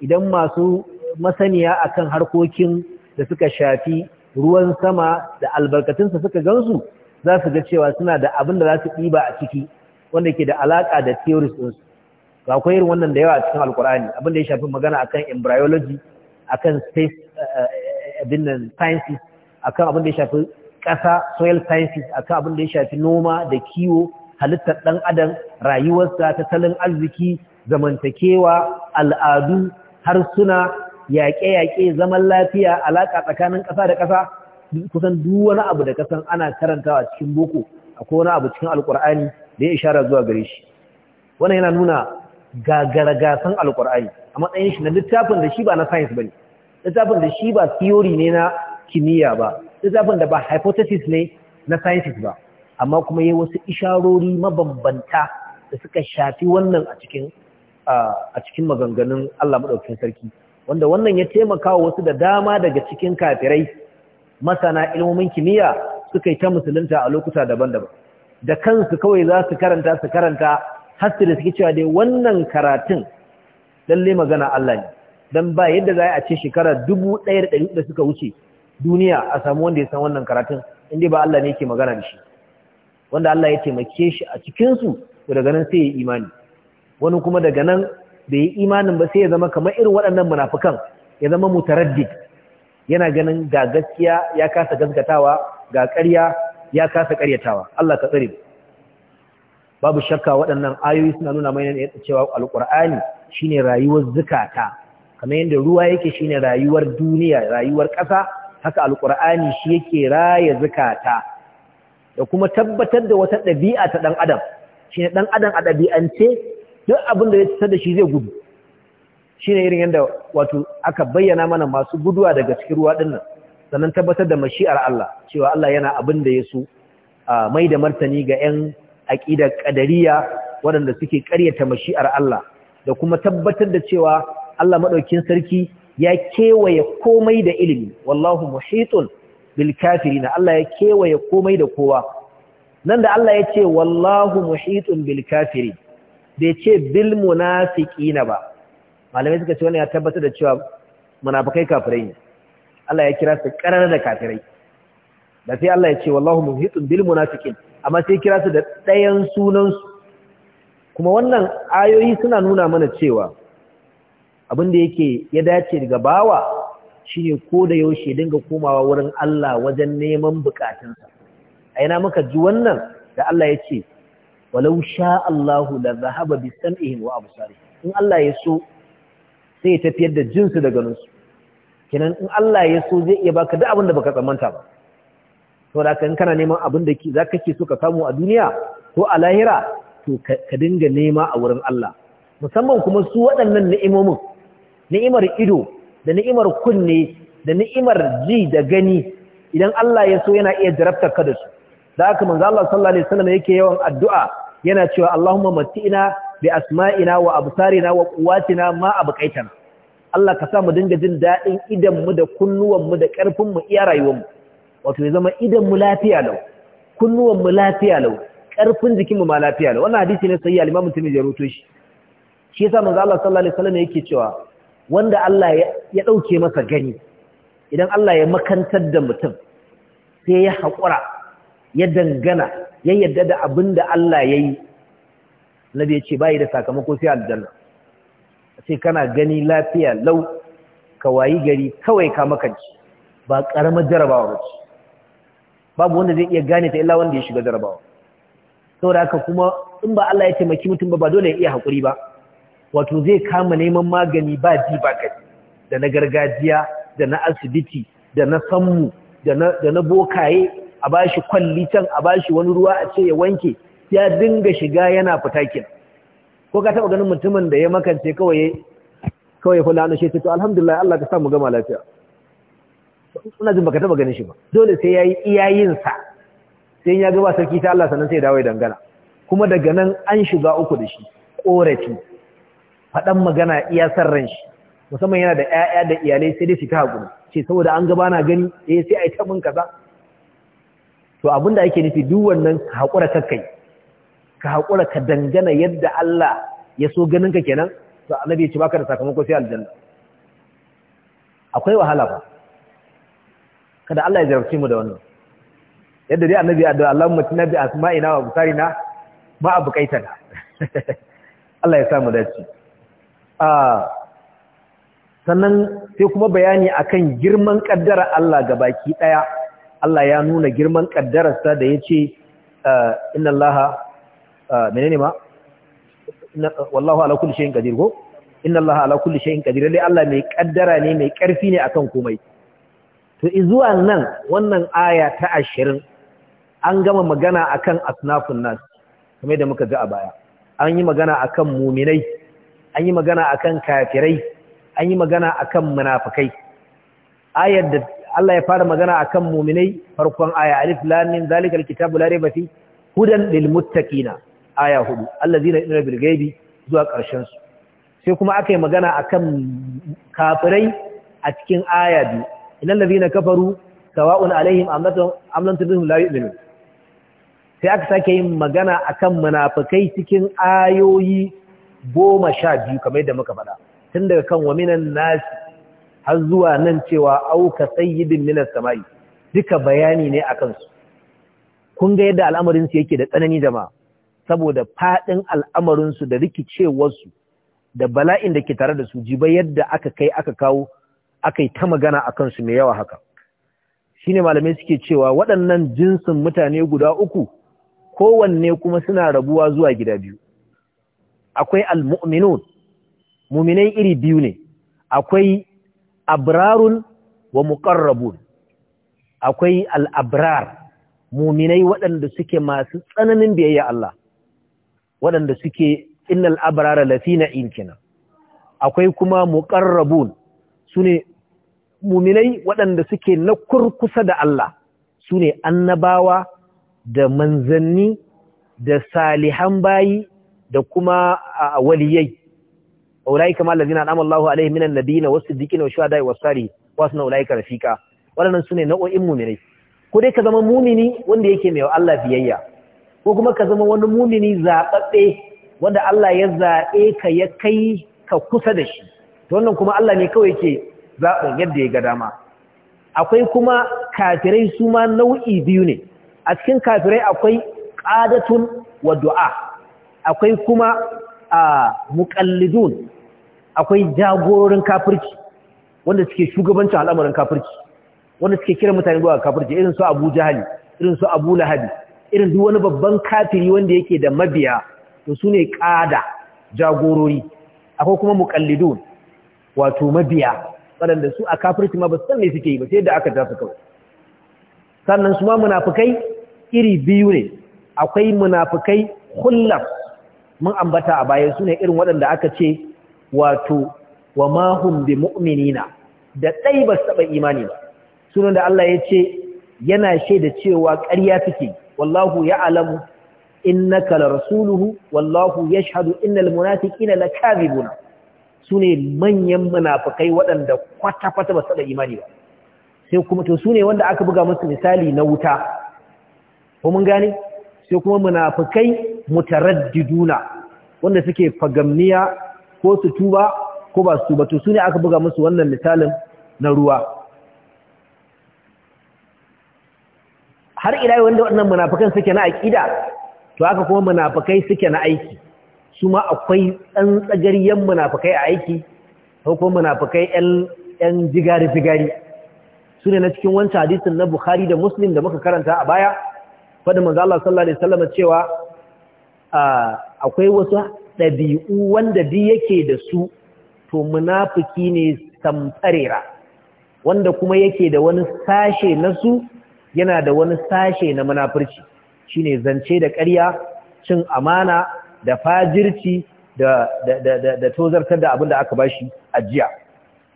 idan masu masaniya akan harkokin da suka shafi ruwan sama da albarkatunsa suka gansu za su ga cewa suna da abin da za su ɗiba a ciki wanda ke da alaƙa da theories ɗinsu ga akwai irin wannan da yawa a cikin alkur'ani abin da ya shafi magana akan embryology akan space eh, abin sciences akan abin da ya shafi ƙasa soil sciences akan abin da ya shafi noma da kiwo halittar ɗan adam rayuwarsa tattalin arziki zamantakewa al'adu harsuna yaƙe-yaƙe zaman lafiya alaƙa tsakanin ƙasa da ƙasa kusan duk wani abu da kasan ana karantawa cikin boko akwai wani abu cikin alƙur'ani da ya ishara zuwa gare shi wannan yana nuna gagaragasan alƙur'ani a matsayin shi na littafin da shi ba na science bane littafin da shi ba theory ne na kimiyya ba littafin da ba hypothesis ne na sciences ba amma kuma yi wasu isharori mabambanta da suka shafi wannan a cikin a cikin maganganun Allah madaukakin sarki wanda wannan ya taimaka wasu da dama daga cikin kafirai masana ilmomin kimiyya suka yi ta musulunta a lokuta daban-daban da kansu kawai za su karanta su karanta haske da suke cewa dai wannan karatun lalle magana Allah ne dan ba yadda za a yi a ce shekarar ɗaya da ɗari da suka wuce duniya a samu wanda ya san wannan karatun in dai ba Allah ne yake magana da shi wanda Allah ya taimake shi a cikinsu, su daga nan sai ya yi imani wani kuma daga nan bai yi imanin ba sai ya zama kamar irin waɗannan munafukan ya zama mutaraddid yana ganin ga gaskiya ya kasa gaskatawa ga ƙarya ya kasa ƙaryatawa Allah ka tsare babu shakka waɗannan ayoyi suna nuna mai mana cewa alƙur'ani shine rayuwar zukata kamar yadda ruwa yake shine rayuwar duniya rayuwar ƙasa haka alƙur'ani shi yake raya zukata da kuma tabbatar da wata ɗabi'a ta ɗan adam shine ɗan adam a ɗabi'ance duk abin da ya cutar da shi zai gudu shi ne irin yadda wato aka bayyana mana masu guduwa daga cikin ruwa dinnan sannan tabbatar da mashi'ar Allah cewa Allah yana abin da ya so mai da martani ga 'yan aƙidar ƙadariya waɗanda suke ƙaryata mashi'ar Allah da kuma tabbatar da cewa Allah maɗaukin sarki ya kewaye komai da ilimi wallahu muhitun bil kafirina Allah ya kewaye komai da kowa nan da Allah ya ce wallahu muhitun bil kafirin bai ce bil munafiqina ba malamai suka ce wannan ya tabbatar da cewa munafikai kafirai ne Allah ya kira su karar da kafirai da sai Allah ya ce wallahu muhitun bil munafiqin amma sai kira su da ɗayan sunan su kuma wannan ayoyi suna nuna mana cewa abin da yake ya dace daga bawa shine ko da yaushe dinga komawa wurin Allah wajen neman bukatunsa a ina muka ji wannan da Allah ya ce walau sha Allahu la zahaba bi sam'ihim wa absarihim in Allah ya so sai ya tafiyar da jinsu da ganinsu kenan in Allah ya so zai iya baka duk abin da baka tsammanta ba to da kan kana neman abin da ki zaka ke so ka samu a duniya ko a lahira to ka dinga nema a wurin Allah musamman kuma su waɗannan ni'imomin ni'imar ido da ni'imar kunne da ni'imar ji da gani idan Allah ya so yana iya jarabta ka da su da haka manzo Allah sallallahu alaihi wasallam yake yawan addu'a yana cewa Allahumma matti'ina bi asma'ina wa absarina wa quwwatina ma abqaitana Allah ka sa mu dinga jin dadin idan mu da kunnuwan mu da karfin mu iya rayuwar mu wato ya zama idan mu lafiya lau kunnuwan mu lafiya lau karfin jikin mu ma lafiya lau wannan hadisi ne sai al-Imam Tirmidhi ya rawaito shi shi yasa manzo Allah sallallahu alaihi wasallam yake cewa wanda Allah ya dauke masa gani idan Allah ya makantar da mutum sai ya haƙura ya dangana ya yadda da abin da Allah ya yi na da ya ce bayi da sakamako sai aljanna sai kana gani lafiya lau ka wayi gari kawai ka makanci ba ƙaramar jarabawa ba ce babu wanda zai iya gane ta illa wanda ya shiga jarabawa saboda haka kuma in ba Allah ya taimaki mutum ba ba dole ya iya haƙuri ba wato zai kama neman magani ba ji ba kai da na gargajiya da na asibiti da na sammu da na bokaye a bashi kwalli can a bashi wani ruwa a ce ya wanke ya dinga shiga yana fita kin ko ka taba ganin mutumin da ya makance kawai kawai kula na shi to alhamdulillah Allah ka sa mu gama lafiya ina jin baka taba ganin shi ba dole sai yayi iyayin sa sai ya gaba sarki ta Allah sannan sai ya dawo ya dangana kuma daga nan an shiga uku da shi korafi fadan magana iya san ran shi musamman yana da ƴaƴa da iyalai sai dai shi ta hakuri ce saboda an gaba na gani eh sai ai ta mun kaza to abinda ake nufi duk wannan ka haƙura kai, ka haƙura ka dangana yadda Allah ya so ganin ka kenan to annabi ya ci baka da sakamako sai aljanna akwai wahala ba kada Allah ya jarabce mu da wannan yadda dai annabi addu'a Allahumma tina bi asma'ina wa absarina ma da Allah ya samu dace ah sannan sai kuma bayani akan girman kaddara Allah gabaki daya Allah ya nuna girman kaddararsa da ya ce ah, inna allaha ah, menene ma wallahu ala kulli shay'in ƙadir ko inna Allah ala kulli shay'in ƙadir, lai Allah mai kaddara ne mai karfi ne akan komai to zuwa nan wannan aya ta ashirin, an gama magana akan asnafin nas kamar da muka ga a baya an yi magana akan muminai an yi magana akan kafirai an yi magana akan munafikai ayar da Allah ya fara magana akan muminai farkon aya alif lam mim zalikal kitabu la rayba fi hudan lil muttaqina aya hudu allazina yu'minuna bil ghaibi zuwa ƙarshen su sai kuma aka yi magana akan kafirai a cikin aya biyu innal ladina kafaru sawa'un alaihim am lam tudhum la yu'minun sai aka sake yin magana akan munafikai cikin ayoyi goma sha biyu kamar yadda muka faɗa tun daga kan waminan nasi har zuwa nan cewa auka sayyibin minas samai duka bayani ne akan su kun ga yadda al'amarin su yake da tsanani jama'a saboda faɗin al'amarin da rikicewarsu da bala'in da ke tare da su jiba yadda aka kai aka kawo aka yi ta magana a kansu mai yawa haka shine malamai suke cewa waɗannan jinsin mutane guda uku kowanne kuma suna rabuwa zuwa gida biyu akwai al-mu'minun muminai iri biyu ne akwai abrarun wa muqarrabun akwai al'abrar muminai waɗanda suke masu tsananin biyayya Allah waɗanda suke innal al'abrar lafi na'im akwai kuma muqarrabun sune muminai waɗanda suke na kurkusa da Allah sune annabawa da manzanni da salihan bayi da kuma waliyai ulai kama allazina an'ama Allahu alaihim minan nabiyina was-siddiqina wash-shuhada'i was-salihin wa sunna ulaika rafiqa waɗannan sune nau'o'in mu'minai ko dai ka zama mumini wanda yake mai Allah biyayya ko kuma ka zama wani mumini zaɓaɓɓe wanda Allah ya zaɓe ka ya kai ka kusa da shi to wannan kuma Allah ne kawai yake yadda ya ga dama akwai kuma kafirai su ma nau'i biyu ne a cikin kafirai akwai ƙadatun wa du'a akwai kuma a muƙallidun akwai jagororin kafirci wanda suke shugabancin al'amarin kafirci wanda suke kira mutane zuwa kafirci irin su abu jahali irin su abu lahabi irin duk wani babban kafiri wanda yake da mabiya to su ne jagorori akwai kuma muƙallidun wato mabiya waɗanda su a kafirci ma ba su san me suke yi ba sai da aka tafi kawai sannan su ma munafukai iri biyu ne akwai munafukai hullaf mun ambata a baya su ne irin waɗanda aka ce wato wa mahum bi mu'minina da ɗai ba su taɓa imani ba sunan da Allah ya ce yana shaida cewa ƙarya take wallahu ya'lamu innaka rasuluhu wallahu yashhadu innal munafiqina lakazibuna sune manyan munafikai waɗanda kwata-kwata ba su taɓa imani ba sai kuma to sune wanda aka buga musu misali na wuta ko mun gane sai kuma munafikai mutaraddiduna wanda suke fagamniya ko su tuba ko ba su tuba to sune aka buga musu wannan misalin na ruwa har ila wanda wannan munafikan suke na aqida to haka kuma munafikai suke na aiki su ma akwai tsagariyan munafikai a aiki ko kuma munafikai ƴan jigari jigari sune na cikin wancan hadisin na Bukhari da Muslim da muka karanta a baya fadin manzo Allah sallallahu alaihi wasallam cewa akwai wasu dabi'u wanda bi yake da su to munafiki ne samfarera wanda kuma yake da wani sashe na su yana da wani sashe na munafurci shine zance da ƙarya cin amana da fajirci da da da tozartar da abin da aka bashi ajiya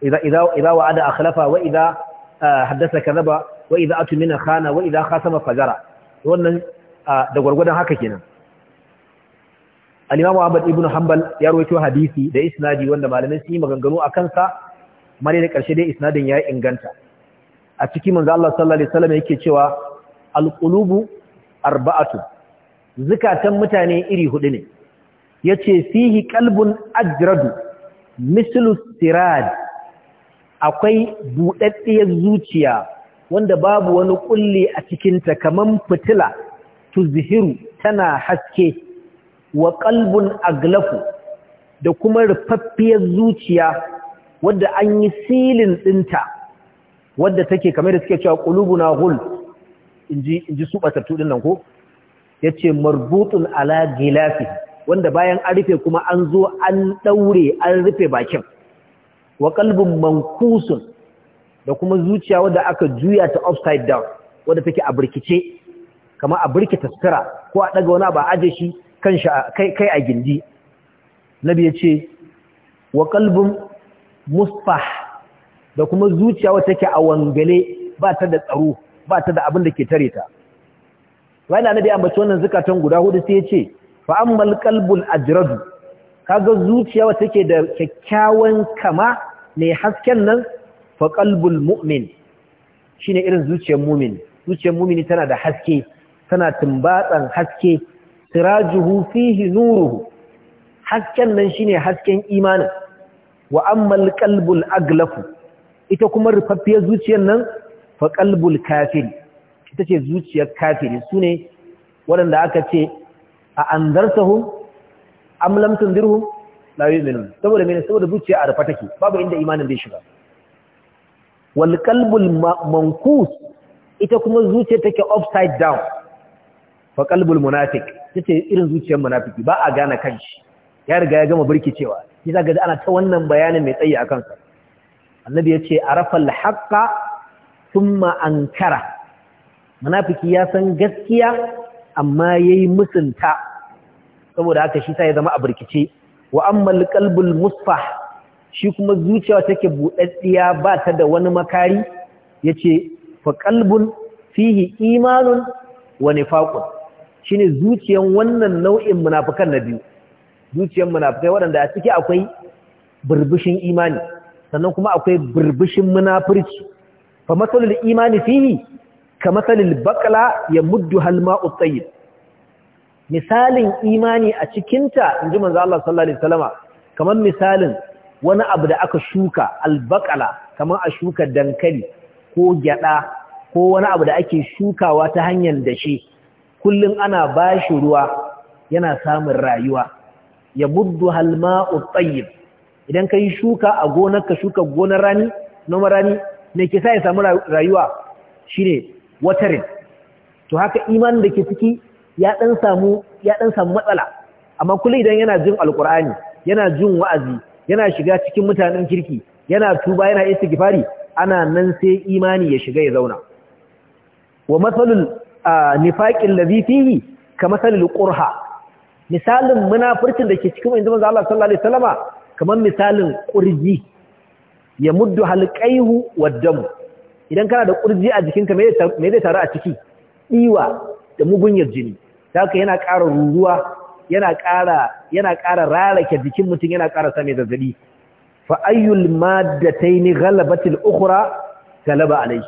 idza idza idza wa'ada akhlafa wa idza haddatha kadaba wa idza atmina khana wa idza khasama fajara wannan da gwargwadon haka kenan al-imamu Ahmad ibn Hanbal ya rawaito hadisi da isnadi wanda malamai sun yi maganganu akan sa mare da karshe dai isnadin ya inganta a cikin manzo Allah sallallahu alaihi wasallam yake cewa al-qulubu arba'atu zukatan mutane iri hudu ne yace fihi qalbun ajradu mislu sirad akwai budaddiyar zuciya wanda babu wani kulli a cikinta kaman fitila tuzhiru tana haske wa qalbun aglafu da kuma rufaffiyar zuciya wadda an yi silin dinta wadda take kamar da suke cewa qulubuna ghul inji inji su batattu dinnan ko yace marbutun ala gilafi wanda bayan an rufe kuma an zo an daure an rufe bakin wa qalbun mankusun da kuma zuciya wadda aka juya ta upside down wadda take a birkice kama a birki taskara ko a ɗaga wani ba aje shi kai a gindi nabi biya ce wa kalbin musfah da kuma zuciya wadda take a wangale ba ta da tsaro ba ta da abin da ke tare ta bayan nabi ambaci wannan zukatan guda hudu sai ya ce fa ammal qalbul ajradu kaga zuciya wata take da kyakkyawan kama mai hasken nan fa qalbul mu'min shine irin zuciyar mu'min zuciyar mu'mini tana da haske tana tumbatsan haske sirajuhu fihi nuruhu hasken nan ne hasken imanin wa ammal qalbul aglafu ita kuma rufaffiyar zuciyar nan fa qalbul kafiri ita ce zuciyar kafiri sune waɗanda aka ce a anzartahum am lam tundirhum la yu'minun saboda mene saboda zuciya a rufa take babu inda imanin bai shiga Walƙalbul mankus ita kuma zuciya take upside down fa munafik munafiq ce irin zuciyar munafiki ba a gane kan shi. ya riga ya gama Ya yasa gaji ana ta wannan bayanin mai tsayi a kansa. annabi yace arafal haqqa sun ma'ankara. munafiki ya san gaskiya amma yayi musunta saboda haka shi ta ya zama a birkice. wa'ammal ƙalbul musfah shi kuma zuciya take buɗaɗɗiya ba ta da wani makari ya ce fa kalbun fihi imanun wa nifaqun shine zuciyan wannan nau'in munafikan na biyu zuciyan munafikai waɗanda a ciki akwai burbushin imani sannan kuma akwai burbushin munafirci fa masalul imani fihi ka masalul ya muddu halma tayyib misalin imani a cikinta inji manzo Allah sallallahu alaihi wasallama kamar misalin wani abu da aka shuka albakala kamar a shuka dankali ko gyada ko wani abu da ake shukawa ta hanyar dashe kullum ana ba shi ruwa yana samun rayuwa ya buddu halma tsayyib idan ka yi shuka a gonar ka shuka gonar rani noma rani ne ke sa ya samu rayuwa shine watering to haka imanin da ke ciki ya dan samu ya dan samu matsala amma kullum idan yana jin alkur'ani yana jin wa'azi yana shiga cikin mutanen kirki yana tuba yana istighfari ana nan sai imani ya shiga ya zauna wa matsalul nifaqin ladhi fihi ka masalul qurha misalin munafurcin da ke cikin manzon Allah sallallahu alaihi wasallama kamar misalin ƙurji. ya muddu halqaihu waddamu idan kana da ƙurji a jikinka me zai taru a ciki iwa da mugunyar jini haka yana ƙara ruruwa yana ƙara yana ƙara rarake jikin mutum yana ƙara sa zazzabi fa ayyul maddataini ghalabatil ukhra galaba alayhi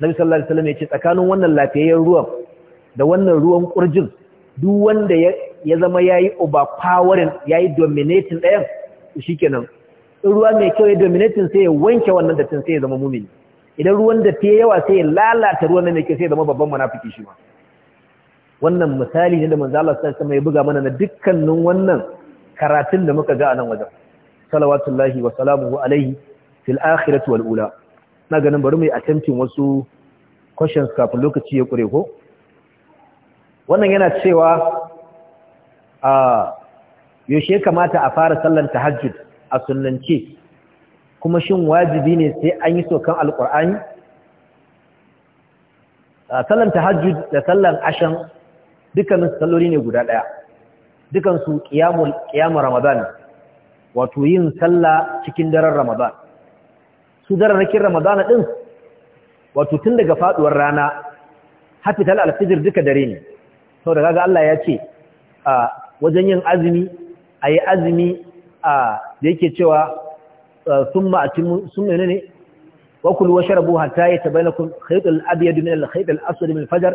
nabi sallallahu alaihi wasallam ce tsakanin wannan lafiyayyen ruwan da wannan ruwan kurjin duk wanda ya zama yayi overpowering yayi dominating ɗayan shikenan ruwa mai kyau ya dominating sai ya wanke wannan datin sai ya zama mumini idan ruwan da ta yawa sai ya lalata ruwan da ke sai zama babban munafiki shi ma wannan misali ne da manzo Allah sallallahu alaihi ya buga mana na dukkanin wannan karatun da muka ga a nan wajen salawatullahi wa salamuhu alaihi fil akhirati wal ula na ganin bari mu yi attempting wasu questions kafin lokaci ya kure ko wannan yana cewa a yaushe kamata a fara sallar tahajjud a sunnance kuma shin wajibi ne sai an yi sokan alkur'ani sallan tahajjud da sallan ashan dukkanin salloli ne guda ɗaya dukansu ƙiyamun ramadan wato yin sallah cikin daren ramadan su dararrakin ramadan ɗin wato tun daga faɗuwar rana hafital alfijir duka dare ne sau da kaga Allah ya ce a wajen yin azumi a yi azumi a da yake cewa sun ma'acimu sun mene ne wakul wa hatta ya tabai na kun khaitul abiyadu min al-khaitul aswad min al-fajar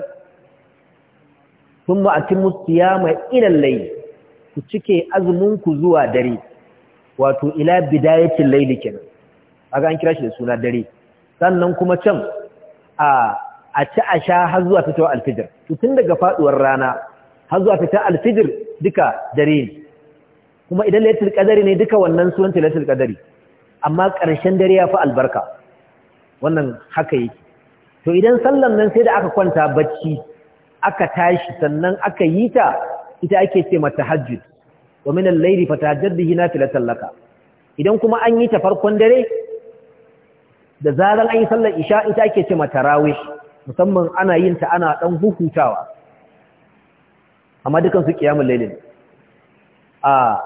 sun ma'atimu siyama ilan laili ku cike azuminku zuwa dare wato ila bidayatin laili kenan aga an kira shi da suna dare sannan kuma can a ci a sha har zuwa ta fitowar alfijir tun daga faduwar rana har zuwa ta ta alfijir duka dare ne kuma idan lailatul kadari ne duka wannan sunan lailatul kadari, amma ƙarshen dare ya fi albarka wannan haka yake to idan sallan nan sai da aka kwanta bacci aka tashi sannan aka yi ta ita ake ce mata hajjud wa min al-layli fatahajjad bihi nafilatan laka idan kuma an yi ta farkon dare da zaran an yi sallar isha ita ake ce mata rawih musamman ana yin ta ana dan huhutawa amma dukan su qiyamul layl a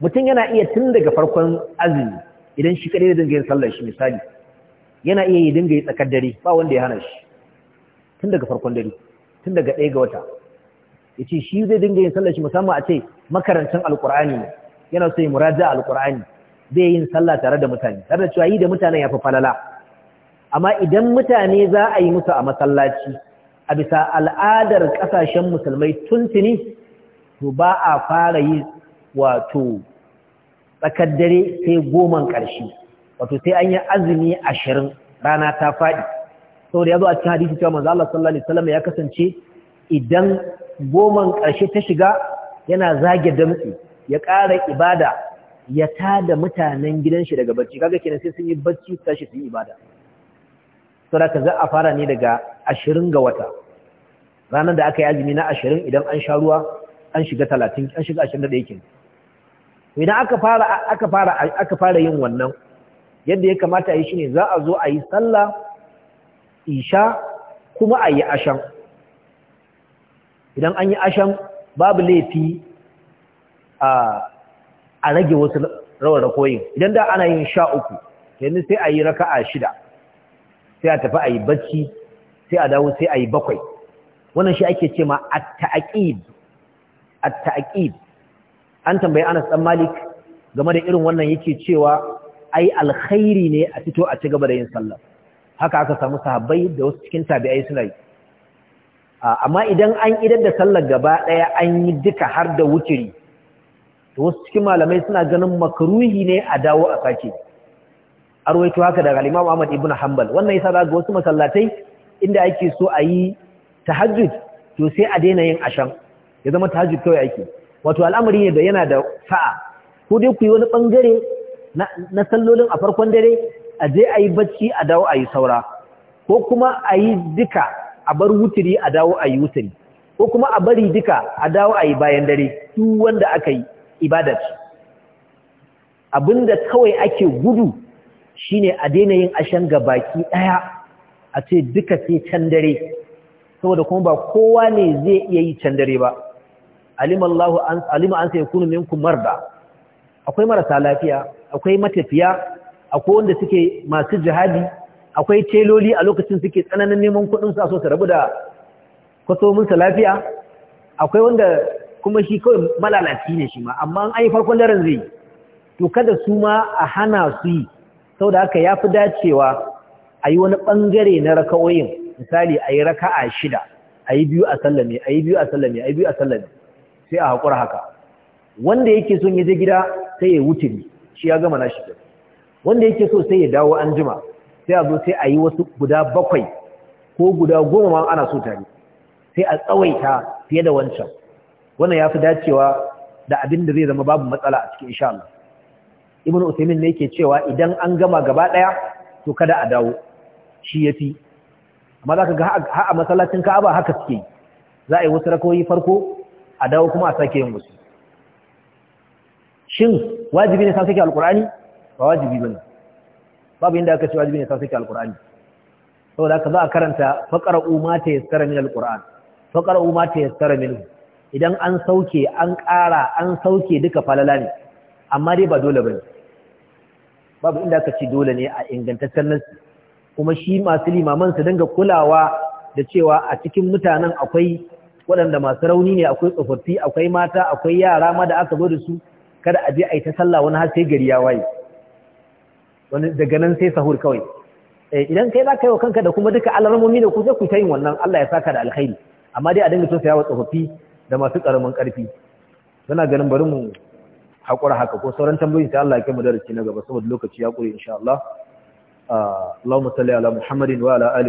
mutum yana iya tun daga farkon azumi idan shi kadai da dinga yin sallar shi misali yana iya yi dinga yi tsakar dare ba wanda ya hana shi tun daga farkon dare tun daga ɗaya ga wata ya ce shi zai dinga yin sallah shi musamman a ce makarancin Alƙur'ani. ne yana so yi muraja Alƙur'ani, zai yin sallah tare da mutane tare da cewa yi da mutane ya fi falala amma idan mutane za a yi musu a masallaci a bisa al'adar ƙasashen musulmai tun tuntuni to ba a fara yi wato tsakar dare sai goman ƙarshe wato sai an yi azumi ashirin rana ta faɗi saboda ya zo a cikin hadisi cewa manzo Allah sallallahu alaihi wasallam ya kasance idan goman ƙarshe ta shiga yana zage damtsi ya ƙara ibada ya tada mutanen gidan shi daga bacci kaga kenan sai sun yi bacci tashi su yi ibada saboda ka za a fara ne daga 20 ga wata ranar da aka yi azumi na 20 idan an sha ruwa an shiga 30 an shiga 21 kenan idan aka fara aka fara aka fara yin wannan yadda ya kamata a yi shine za a zo a yi sallah isha kuma a yi ashan idan an yi ashan babu laifi a rage wasu rawar rakoyin idan da ana yin sha uku yanzu sai a yi raka'a shida sai a tafi a yi bacci sai a dawo sai a yi bakwai wannan shi ake ce ma at-ta'aqib at an tambayi Anas dan Malik game da irin wannan yake cewa ai alkhairi ne a fito a ci gaba da yin sallah haka aka samu sahabbai da wasu cikin tabi'ai suna yi amma idan an idan da sallar gaba ɗaya an yi duka har da wukiri. to wasu cikin malamai suna ganin makruhi ne a dawo a sake arwaito haka daga Imam Ahmad ibn Hanbal wannan yasa ga wasu masallatai inda ake so a yi tahajjud to sai a daina yin ashan ya zama tahajjud kawai ake wato al'amari ne da yana da sa'a ko dai ku yi wani bangare na sallolin a farkon dare a je a yi bacci a dawo a yi saura ko kuma a yi duka a bar wuturi a dawo a yi wuturi ko kuma a bari duka a dawo a yi bayan dare su wanda aka yi ibada ce abinda kawai ake gudu shine a daina yin ashen ga baki ɗaya a ce duka sai can dare saboda kuma ba kowa ne zai iya yi can dare ba alimallahu an alima an sai kunu minkum marda akwai marasa lafiya akwai matafiya akwai wanda suke masu jihadi akwai teloli a lokacin suke tsananin neman kuɗin su a so su rabu da kwasominsa lafiya akwai wanda kuma shi kawai malalaci ne shi ma amma an yi farkon daren zai to kada su ma a hana su yi sau da haka ya fi dacewa a yi wani ɓangare na rakawoyin. misali a yi raka a shida a yi biyu a sallame a yi biyu a sallame a yi biyu a sallame sai a haƙura haka wanda yake son ya je gida sai ya wuce shi ya gama na shi wanda yake so sai ya dawo an jima sai a zo sai a yi wasu guda bakwai ko guda goma ma ana so tare sai a tsawaita fiye da wancan wannan ya fi dacewa da abin da zai zama babu matsala a cikin insha Allah ibnu usaimin ne yake cewa idan an gama gaba daya to kada a dawo shi yafi amma zaka ga har a masallacin Ka'aba haka suke za a yi wasu rakoyi farko a dawo kuma a sake yin wasu shin wajibi ne sai sake alkur'ani ba wajibi ba ne babu inda aka ce wajibi ne sai alkur'ani saboda haka za a karanta faƙara umma ta yassara min alkur'an faƙara umma ta yassara min idan an sauke an ƙara an sauke duka falala ne amma dai ba dole ba ne babu inda aka ce dole ne a ingantaccen nasi kuma shi masu limaman su dinga kulawa da cewa a cikin mutanen akwai waɗanda masu rauni ne akwai tsofaffi akwai mata akwai yara ma da aka zo da su kada a je a yi ta sallah wani har sai gari ya waye wani daga nan sai sahur kawai eh, idan kai za ka yi wa kanka da kuma duka alarmomi da ku sai ku ta yin wannan Allah ya saka da alkhairi amma dai a dinga tosa wa tsofaffi da masu karamin karfi suna ganin bari mu haƙura haka ko sauran tambayoyin sai Allah ya kai mu darasi na gaba saboda lokaci ya ƙure insha Allah ah, Allahumma salli ala Muhammadin wa ala